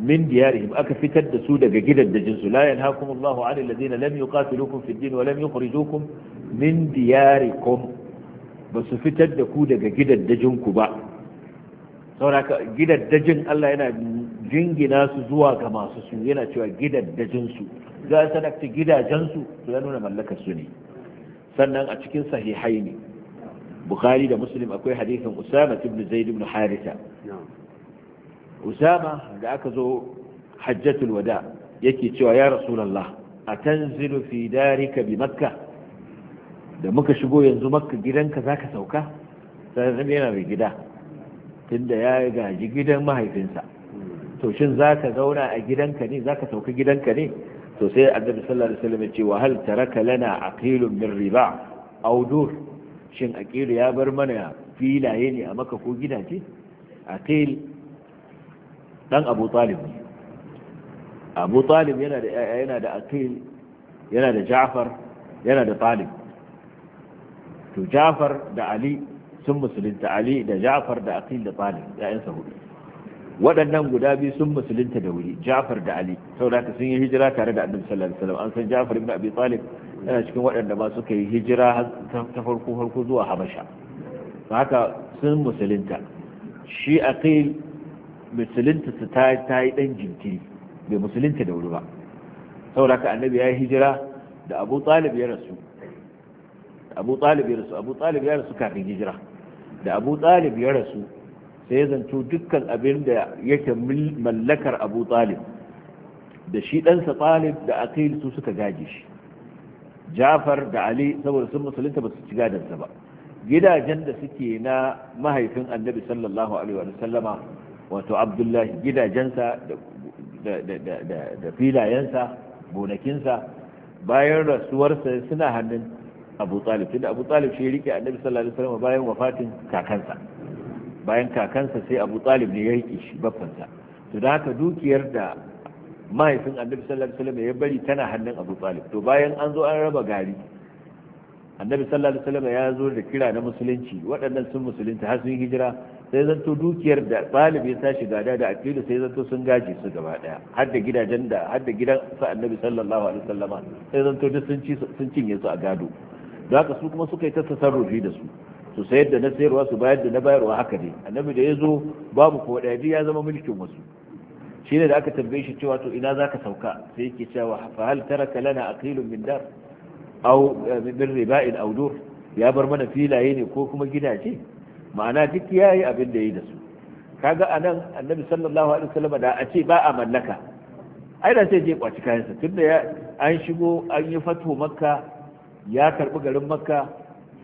Mindiyari diyarihim aka fitar da su daga gidaddajin su la yanhaakum Allahu 'anil ladina lam yuqatilukum fid din wa lam yukhrijukum min diyarikum ba su fitar da ku daga gidaddajin ku ba sauraka dajin Allah yana jingina su zuwa ga masu su yana cewa gidaddajin su za a sanakta gidajen su to ya nuna mallakar su ne sannan a cikin sahihai ne bukhari da muslim akwai hadisin usama ibn zaid ibn harisa usama da aka zo hajjatul wada yake cewa ya rasulullah atanzilu fi darika bi makka da muka shigo yanzu makka gidanka zaka sauka sai zama yana mai gida tunda ya gaji gidan mahaifinsa to shin zaka zauna a gidanka ne zaka sauka gidanka ne to sai annabi sallallahu alaihi wasallam ya ce wa hal taraka lana aqilun min riba aw dur shin aqilu ya bar mana filaye ne a maka ko gidaje aqil dan abu talib abu talib yana da yana da akil yana da ja'far yana da talib to ja'far da ali sun musulunta ali da ja'far da akil da talib ya'yansa hudu waɗannan guda biyu sun musulunta da wuri ja'far da ali saboda sun yi hijira tare da annabi sallallahu alaihi wasallam an san ja'far ibn abi talib yana cikin waɗanda ba suka yi hijira ta farko farko zuwa habasha haka sun musulunta shi aqil musulunta su ta yi ɗan jinkiri bai musulunta da wuri ba saboda ka annabi ya yi hijira da abu talib ya rasu abu talib ya rasu abu talib ya rasu kafin hijira da abu talib ya rasu sai ya zanto dukkan abin da yake mallakar abu talib da shi ɗansa talib da aqil su suka gaje shi jafar da ali saboda sun musulunta ba su ci gadansa ba gidajen da suke na mahaifin annabi sallallahu alaihi wa sallama wato abdullahi gidajensa da filayensa gonakinsa bayan rasuwarsa suna hannun abu talib tunda abu talib shi rike annabi sallallahu alaihi wasallam bayan wafatin kakansa bayan kakansa sai abu talib ne ya rike shi babbansa to da haka dukiyar da mahaifin annabi sallallahu alaihi wasallam ya bari tana hannun abu talib to bayan an zo an raba gari annabi sallallahu alaihi wasallam ya zo da kira na musulunci waɗannan sun musulunta har sun hijira sai zanto dukiyar da ɗalibi ta shiga da da akilu sai zanto sun gaji su gaba daya har da gidajen da har da gidan sa annabi sallallahu alaihi wasallama sai zanto duk sun ci sun cinye su a gado da haka su kuma suka yi ta tasarrufi da su su sayar da na sayarwa su bayar da na bayarwa haka ne annabi da ya zo babu ko ɗaya ya zama mulkin wasu shi ne da aka tambaye shi cewa to ina za ka sauka sai yake cewa fa hal taraka lana aqilun min dar aw eh, min riba'in aw dur ya bar mana filaye ne ko kuma gidaje ma'ana duk ya yi abin da ya yi da su kaga a nan annabi sallallahu alaihi wasallam da a ce ba a mallaka ai da sai je kwaci kayansa tunda ya an shigo an yi fatu makka ya karbi garin makka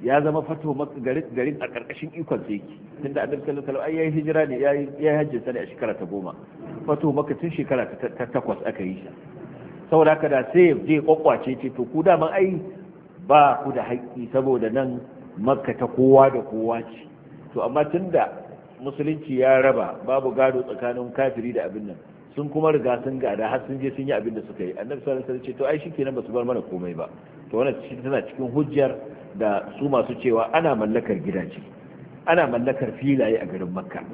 ya zama fatu makka garin garin a karkashin ikon sa yake tunda annabi sallallahu alaihi wasallam ai yayi hijira ne yayi yayi hajji sai ne a shekara ta goma fatu makka tun shekara ta takwas aka yi shi saboda haka da sai je kwakwace ce to ku man ai ba ku da haƙƙi saboda nan makka ta kowa da kowa ce to amma tun da musulunci ya raba babu gado tsakanin kafiri da abin nan sun kuma riga sun gada har sun je sun yi abin da suka yi annabi sallallahu alaihi wasallam ce to ai shikenan ba su bar mana komai ba to wannan tana cikin hujjar da su masu cewa ana mallakar gidaje ana mallakar filaye a garin makka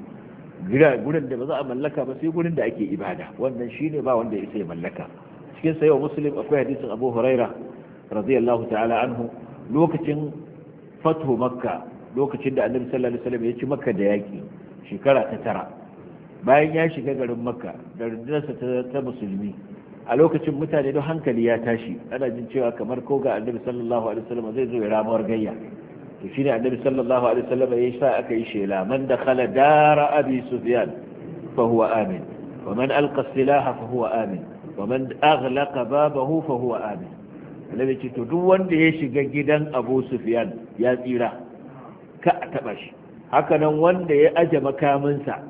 gida gurin da ba za a mallaka ba sai gurin da ake ibada wannan shine ba wanda ya sai mallaka cikin sayyid muslim akwai hadisin abu huraira radiyallahu ta'ala anhu lokacin fatho makka lokacin da annabi sallallahu alaihi wasallam ya ci makka da yaƙi, shekara ta tara bayan ya shiga garin makka da rundunarsa ta musulmi a lokacin mutane don hankali ya tashi ana jin cewa kamar ko ga annabi sallallahu alaihi wasallam zai zo ya ramuwar gayya to shine annabi sallallahu alaihi wasallam ya sa aka yi shela man da dakhala dara abi sufyan fa huwa amin wa man alqa silaha fa huwa amin wa man aghlaqa babahu fa huwa amin annabi ce to duk wanda ya shiga gidan abu sufyan ya tsira ka a taba shi hakanan wanda ya aje makaminsa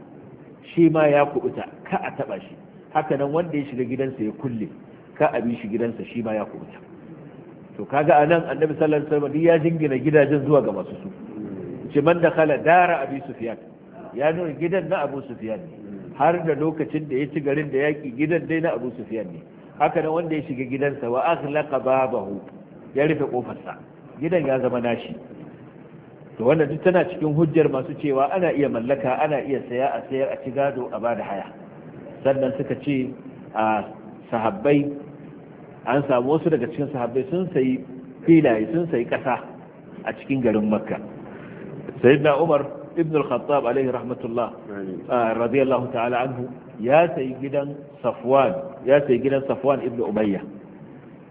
shi ma ya kubuta ka a taba shi hakanan wanda ya shiga gidansa ya kulle ka a bi shi gidansa shi ma ya kubuta to kaga anan annabi sallallahu alaihi wasallam ya jingina gidajen zuwa ga masu su ce man da kala dara abi sufyan ya nuna gidan na abu sufyan ne har da lokacin da ya ci garin da yaki gidan dai na abu sufyan ne haka nan wanda ya shiga gidansa wa akhlaqa babahu ya rufe kofarsa gidan ya zama nashi to wannan duk tana cikin hujjar masu cewa ana iya mallaka ana iya saya a sayar a ci gado a bada haya sannan suka ce a sahabbai an samu wasu daga cikin sahabbai sun sayi filaye sun sayi ƙasa a cikin garin makka sayyidina umar ibn al-khattab alaihi rahmatullah radiyallahu ta'ala anhu ya sayi gidan safwan ya sayi gidan safwan ibn umayya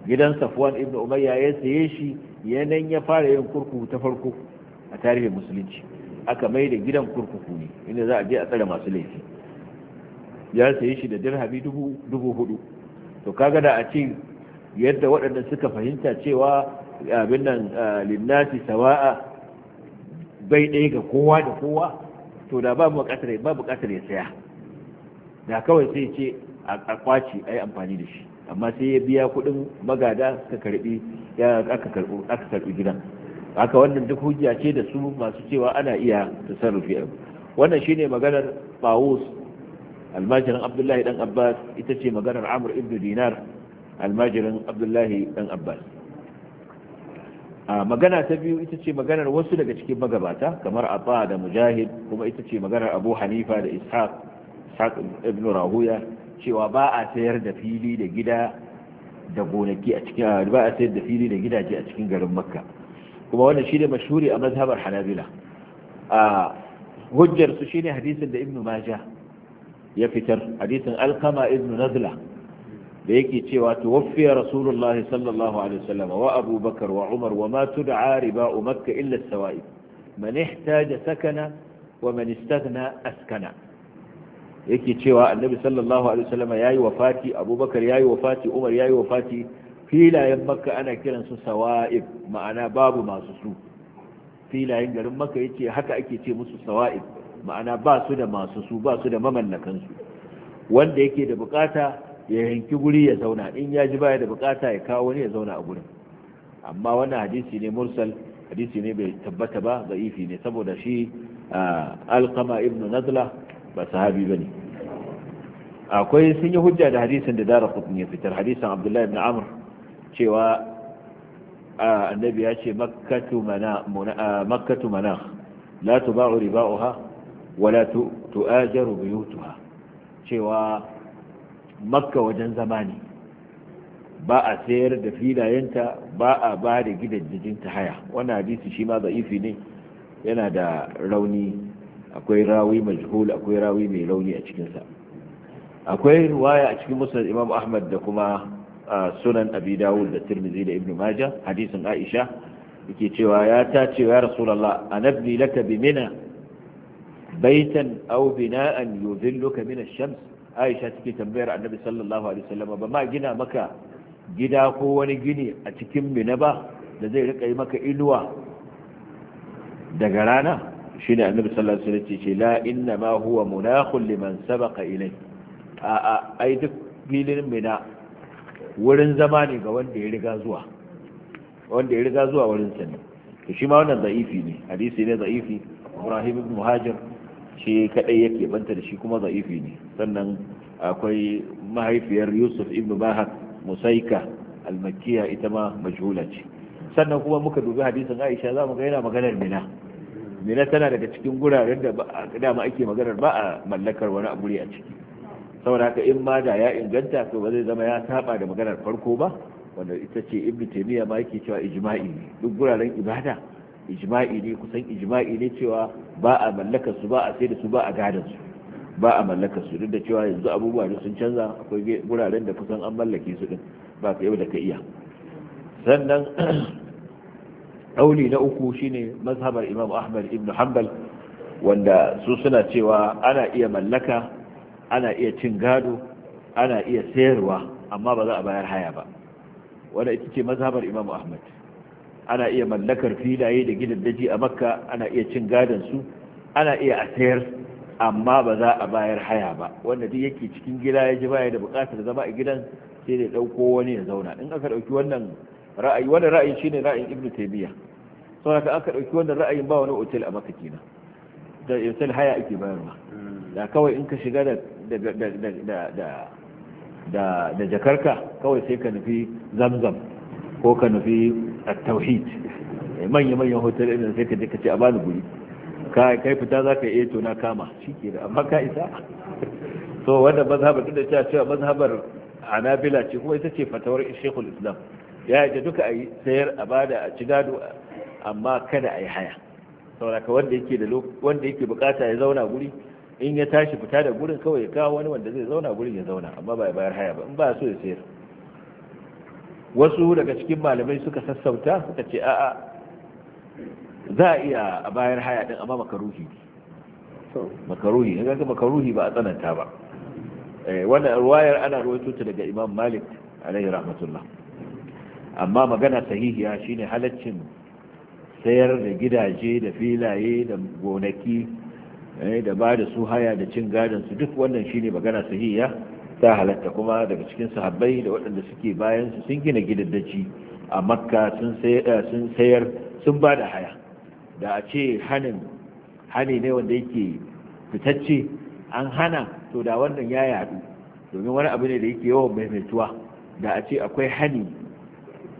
gidan safwan ibn umayya ya saye shi yanan ya fara yin kurkuku ta farko a tarihin musulunci aka mai da gidan kurkuku ne inda za a je a tsare masu laifi ya sayi shi da dirhami dubu hudu to kaga da a ce yadda waɗanda suka fahimta cewa eh, abin nan eh, linnati sawa'a bai ɗaya ga kowa da kowa to da ba buƙatar ba buƙatar ya saya da kawai sai ce a kwaci a yi amfani da shi amma sai ya biya kuɗin magada suka karɓi aka karɓi gidan haka wannan duk hujja ce da su masu cewa ana iya tasarrufi abu wannan shine maganar Tawus almajirin Abdullahi dan Abbas ita ce maganar Amr ibn Dinar almajirin Abdullahi dan Abbas a magana ta biyu ita ce maganar wasu daga cikin magabata kamar Abba da Mujahid kuma ita ce maganar Abu Hanifa da Ishaq Ishaq ibn Rahuya cewa ba a sayar da fili da gida da gonaki a cikin ba a sayar da fili da gidaje a cikin garin Makka kuma wannan shine mashhuri a mazhabar hanabila a hujjar su shine hadisin da ibnu majah ya fitar hadisin alkama ibnu nazla da yake cewa wafiya rasulullah sallallahu alaihi wasallam wa abubakar wa umar wa ma tud'a riba'u makka illa as-sawa'ib man ihtaja sakana wa man istaghna askana yake cewa annabi sallallahu alaihi wasallam yayi wafati abubakar yayi wafati umar yayi wafati filayen makka ana kiransu sawa'ib ma'ana babu masu su filayen garin makka yace haka ake ce musu sawa'ib ma'ana ba su da masu su ba su da mamallakansu wanda yake da bukata ya yanki guri ya zauna in ya ji baya da bukata ya kawo wani ya zauna a gurin amma wannan hadisi ne mursal hadisi ne bai tabbata ba za'ifi ne saboda shi alqama ibn nazla ba sahabi bane akwai sun yi hujja da hadisin da dara ya fitar hadisin abdullahi ibn amr cewa annabi ya ce makkatu mana la tuba'u riba'uha wala tu'ajaru buyutuha cewa makka wajen zama ne ba a sayar da filayenta ba a ba da gidajen ta haya wannan hadisi shi ma za'ifi ne yana da rauni akwai rawi majhul akwai rawi mai rauni a cikinsa akwai ruwaya a cikin musnad imam ahmad da kuma sunan abi dawud da tirmizi da ibnu maja hadisin aisha yake cewa ya tace ya rasulullah anabni laka bi mina baitan aw bina'an yuzilluka min ash-shams aisha take tambayar annabi sallallahu alaihi wasallam ba ma gina maka gida ko wani gini a cikin mina ba da zai rika yi maka inuwa daga rana shine annabi sallallahu alaihi wasallam ce la inna ma huwa munakhul liman sabaqa ilayhi a a ai duk filin mina wurin zama ne ga wanda ya riga zuwa wanda ya riga zuwa wurin sani to shi ma wannan za'ifi ne hadisi ne za'ifi Ibrahim ibn Muhajir shi kadai yake banta da shi kuma za'ifi ne sannan akwai mahaifiyar Yusuf ibn Bahak Musaika al ita ma majhula ce sannan kuma muka dubi hadisin Aisha za mu ga yana maganar Mina Mina tana daga cikin guraren da dama ake maganar ba a mallakar wani abu a ciki saboda haka in ma da ya inganta to ba zai zama ya saba da maganar farko ba wanda ita ce ibnu taymiya ma yake cewa ijma'i ne duk guraren ibada ijma'i ne kusan ijma'i ne cewa ba a mallaka su ba a sai da su ba a gadan su ba a mallaka su duk da cewa yanzu abubuwa da sun canza akwai guraren da kusan an mallake su din ba ka yau da ka iya sannan ɗauli na uku shine mazhabar imam ahmad ibn hanbal wanda su suna cewa ana iya mallaka ana iya cin gado ana iya sayarwa amma ba za a bayar haya ba wanda ita ce mazhabar imam ahmad ana iya mallakar filaye da gidandaji a makka ana iya cin gadon su ana iya a sayar amma ba za a bayar haya ba wanda duk yake cikin gida ya ji baya da bukatar zama a gidan sai da dauko wani ya zauna in aka dauki wannan ra'ayi wannan ra'ayi shine ra'ayin ibnu taymiya saboda aka dauki wannan ra'ayin ba wani otel a makka kenan da otel haya ake bayarwa da kawai in ka shiga da da jakarka kawai sai ka nufi zamzam ko ka nufi tauhid eh, manya-manyan hotel ɗin sai ka je ce a bani guri kai fita za ka iya eh, tona kama shi ke da amma ka isa so wanda mazhabar duk da cewa mazhabar anabila ce kuma ita ce fatawar shekul islam ya yi duka a yi sayar a bada a ci gado amma kada a yi haya sauraka wanda yake bukata ya zauna guri in ya tashi fita da gurin kawai ya kawo wani wanda zai zauna gurin ya zauna amma ba ya bayar haya ba in ba so ya sayar wasu daga cikin malamai suka sassauta suka ce a'a za a iya a bayar haya din amma makaruhi makaruhi ga ga makaruhi ba a tsananta ba eh, wannan ruwayar ana ruwaito ta daga Imam Malik alaihi rahmatullah amma magana sahihiya shine halaccin sayar da gidaje da filaye da gonaki Eh, da ba da su haya da cin gadon su duk wannan shine magana sahiya ta halatta kuma daga cikin sahabbai da waɗanda suke bayan su sun gina gidaddaci a makka sun sayar sun ba da haya da a ce hanin hani ne wanda yake fitacce an hana to da wannan ya yadu domin wani abu ne da yake yawan maimaituwa da a ce akwai hani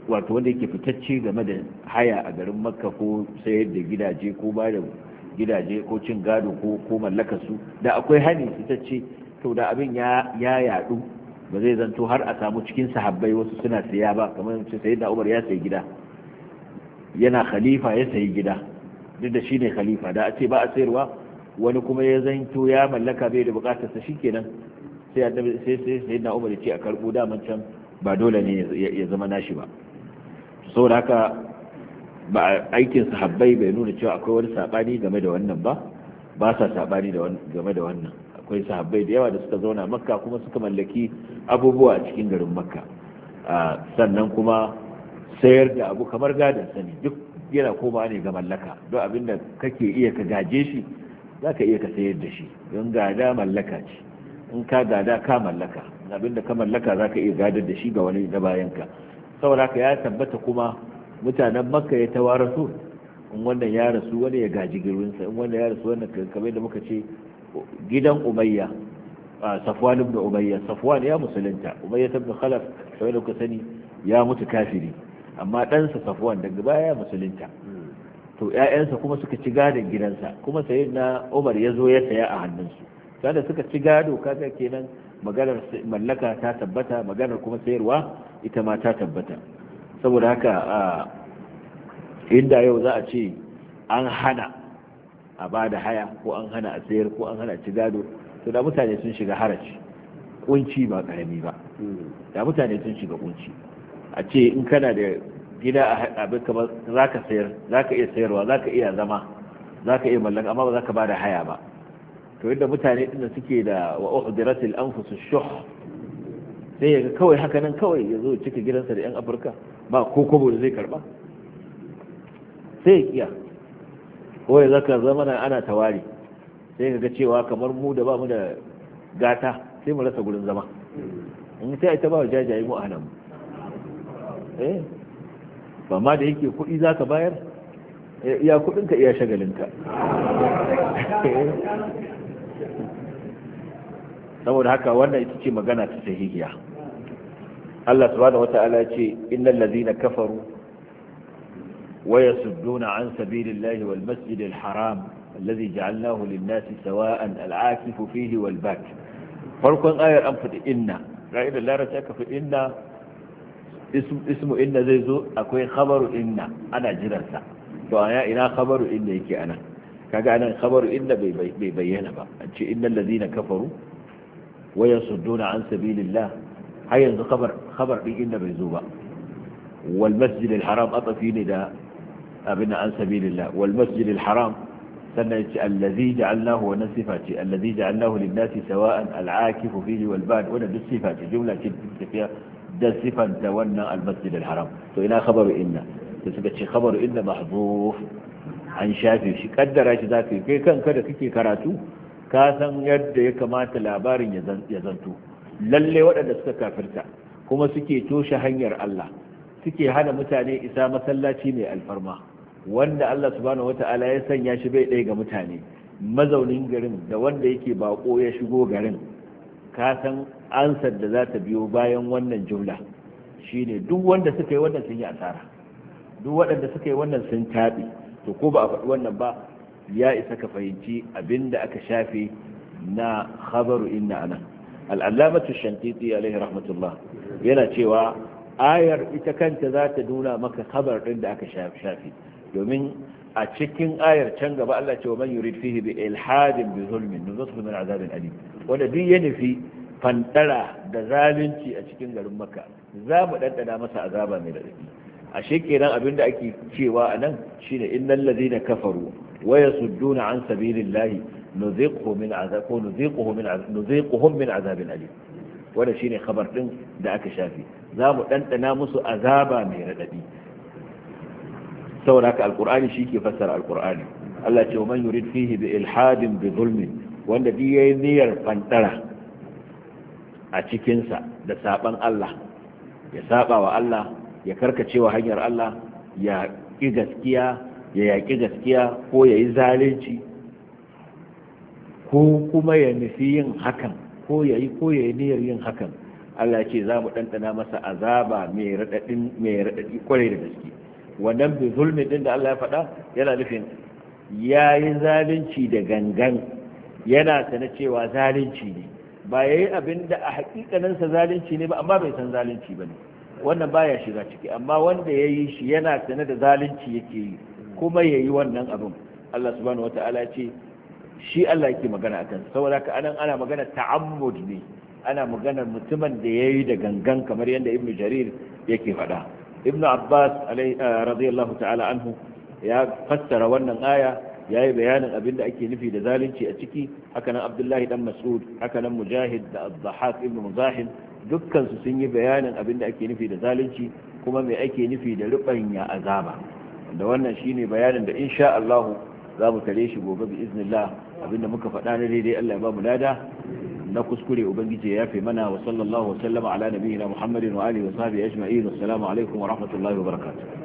wato wanda yake fitacce game da haya a garin makka ko sayar da gidaje ko ba da gidaje ko cin gado ko ko mallakar su da akwai hani ce to da abin ya ya yadu ba zai zanto har a samu cikin sahabbai wasu suna siya ba kamar ce sayyidina Umar ya sayi gida yana khalifa ya sayi gida duk da shine khalifa da a ce ba a sayarwa wani kuma ya zanto ya mallaka bai da bukatar sa shikenan sai annabi sai sai Umar ya ce a karbo daman can ba dole ne ya zama nashi ba saboda haka ba aikin sahabbai bai nuna cewa akwai wani sabani game da wannan ba ba sa sabani game da wannan akwai sahabbai da yawa da suka zauna makka kuma suka mallaki abubuwa cikin garin makka sannan kuma sayar da abu kamar gadon sani duk yana koma ne ga mallaka don abin da kake iya ka gaje shi za ka iya ka sayar da shi don gada mallaka ce in ka gada ka mallaka abin da ka mallaka za ka iya gadar da shi ga wani na bayanka saboda ka ya tabbata kuma mutanen makka ya tawarasu in wannan ya rasu wani ya gaji girinsa in wannan ya rasu wannan kankame da muka ce gidan umayya safwan ibn umayya safwan ya musulunta umayya ibn khalaf kamar da kuka sani ya mutu kafiri amma ɗansa safwan daga baya ya musulunta to ƴaƴansa kuma suka ci gadon gidansa kuma sayin na umar ya zo ya saya a hannunsu da suka ci gado kaga kenan maganar mallaka ta tabbata maganar kuma sayarwa ita ma ta tabbata saboda haka inda yau za a ce an hana a ba da haya ko an hana a sayar ko an hana ci gado to da mutane sun shiga haraci kunci ba karami ba da mutane sun shiga kunci a ce in kana da gida a haɗaɓe kamar za ka sayar za ka iya sayarwa za ka iya zama za ka iya mallaka amma ba za ka ba da haya ba to yadda mutane ɗin suke da wa'udiratul anfusu shuh sai ya ga kawai haka nan kawai ya zo cika gidansa da 'yan afirka ba ko kobo da zai karba sai ya kiya ko ya zaka zama na ana tawari sai ga cewa kamar mu da ba mu da gata sai mu rasa gurin zama in sai ita ba jajaye mu a nan eh ba ma da yake kuɗi za ka bayar eh, iya kuɗinka iya shagalinka saboda haka wannan ita ce magana ta sahihiya Allah subhanahu wata'ala ce innal ladhina kafaru wa yasudduna an sabilillahi wal masjidil haram alladhi ja'alnahu lin-nasi sawa'an al-'akifu fihi wal bak farkon ayar an fadi inna ra'ida larabci aka fi inna ismu inna zai zo akwai khabaru inna ana jiransa to aya ina khabaru inna yake anan kaga anan khabaru inna bai bayyana ba an ce innal ladhina kafaru wa yasudduna an sabilillahi har yanzu kabar ɗin inda bai zo ba wal masjid al haram atafi ne da abin an sabilillah wal masjid al haram sannan yace allazi allahu wa nasifa ce allazi ja'alnahu lin nasi sawa'an al akifu fihi wal bad wa duk sifa ce jumla ce tafiya da sifan da wannan al masjid haram to ina kabaru inna da suka ce khabaru inna mahdhuf an shafe shi kaddara shi zaka kai kanka da kake karatu ka san yadda ya kamata labarin ya zanto lalle waɗanda suka kafirta kuma suke toshe hanyar Allah suke hana mutane isa masallaci mai alfarma wanda Allah subhanahu wata'ala ya sanya shi bai ɗaya ga mutane mazaunin garin da wanda yake bako ya shigo garin ka san ansar da za ta biyo bayan wannan jumla shine duk wanda suka yi wannan sun yi asara duk waɗanda suka yi wannan sun taɓi to ko ba a faɗi wannan ba ya isa ka fahimci abin da aka shafe na khabaru inna anan al'allamatu shantiti alaihi rahmatullah yana cewa ayar ita kanta za ta nuna maka khabar ɗin da aka shafi domin a cikin ayar can gaba Allah cewa man yurid fihi bi ilhadin bi zulmin nuzathu min azabin alim wanda duk ya nufi fantara da zalunci a cikin garin Makka za mu dandana masa azaba mai radadi ashe kenan da ake cewa anan shine innal ladina kafaru wa yasudduna an sabilillahi nuziquhu min ko azabin ali wanda shine khabar din da aka shafi za mu ɗanɗana musu azaba mai raɗaɗi. saboda haka alqur'ani shi ke fassara alqur'ani Allah ce man yurid fihi bi ilhadin bi zulmin wanda duk yayi niyyar fantara a cikin sa da saban Allah ya saba wa Allah ya karkacewa hanyar Allah ya ƙi gaskiya ya yaƙi gaskiya ko ya yi zalunci ko kuma ya nufi yin hakan ko ya yi ko ya yi niyyar yin hakan Allah ce za mu ɗanɗana masa azaba mai raɗaɗi kwarai da gaske wannan bi zulmi ɗin da Allah ya faɗa yana nufin ya yi zalunci da gangan yana sana cewa zalunci ne ba ya yi abin da a hakikaninsa zalunci ne ba amma bai san zalunci ba ne wannan baya shiga ciki amma wanda ya yi shi yana sana da zalunci yake yi kuma ya yi wannan abin Allah subhanahu ta'ala ce shi Allah yake magana akan saboda haka anan ana magana ta'ammud ne ana magana mutumin da yayi da gangan kamar yadda ibnu Jarir yake faɗa ibnu Abbas eh, radiyallahu ta'ala anhu ya fassara wannan aya yayi bayanin abin da ake nufi da zalunci a ciki haka nan Abdullahi dan Mas'ud haka nan Mujahid da Abdahak Ibn Muzahim dukkansu sun yi bayanin abin da ake nufi da zalunci kuma me ake nufi da rubanya azaba da wannan shine bayanin da insha Allah za mu tare shi gobe bi iznillah abinda muka faɗa na daidai Allah ya ba mu lada na kuskure ubangiji ya yafe mana wa sallallahu wa sallama ala nabiyina muhammadin wa alihi wa sahbihi ajma'in assalamu alaikum wa rahmatullahi wa barakatuh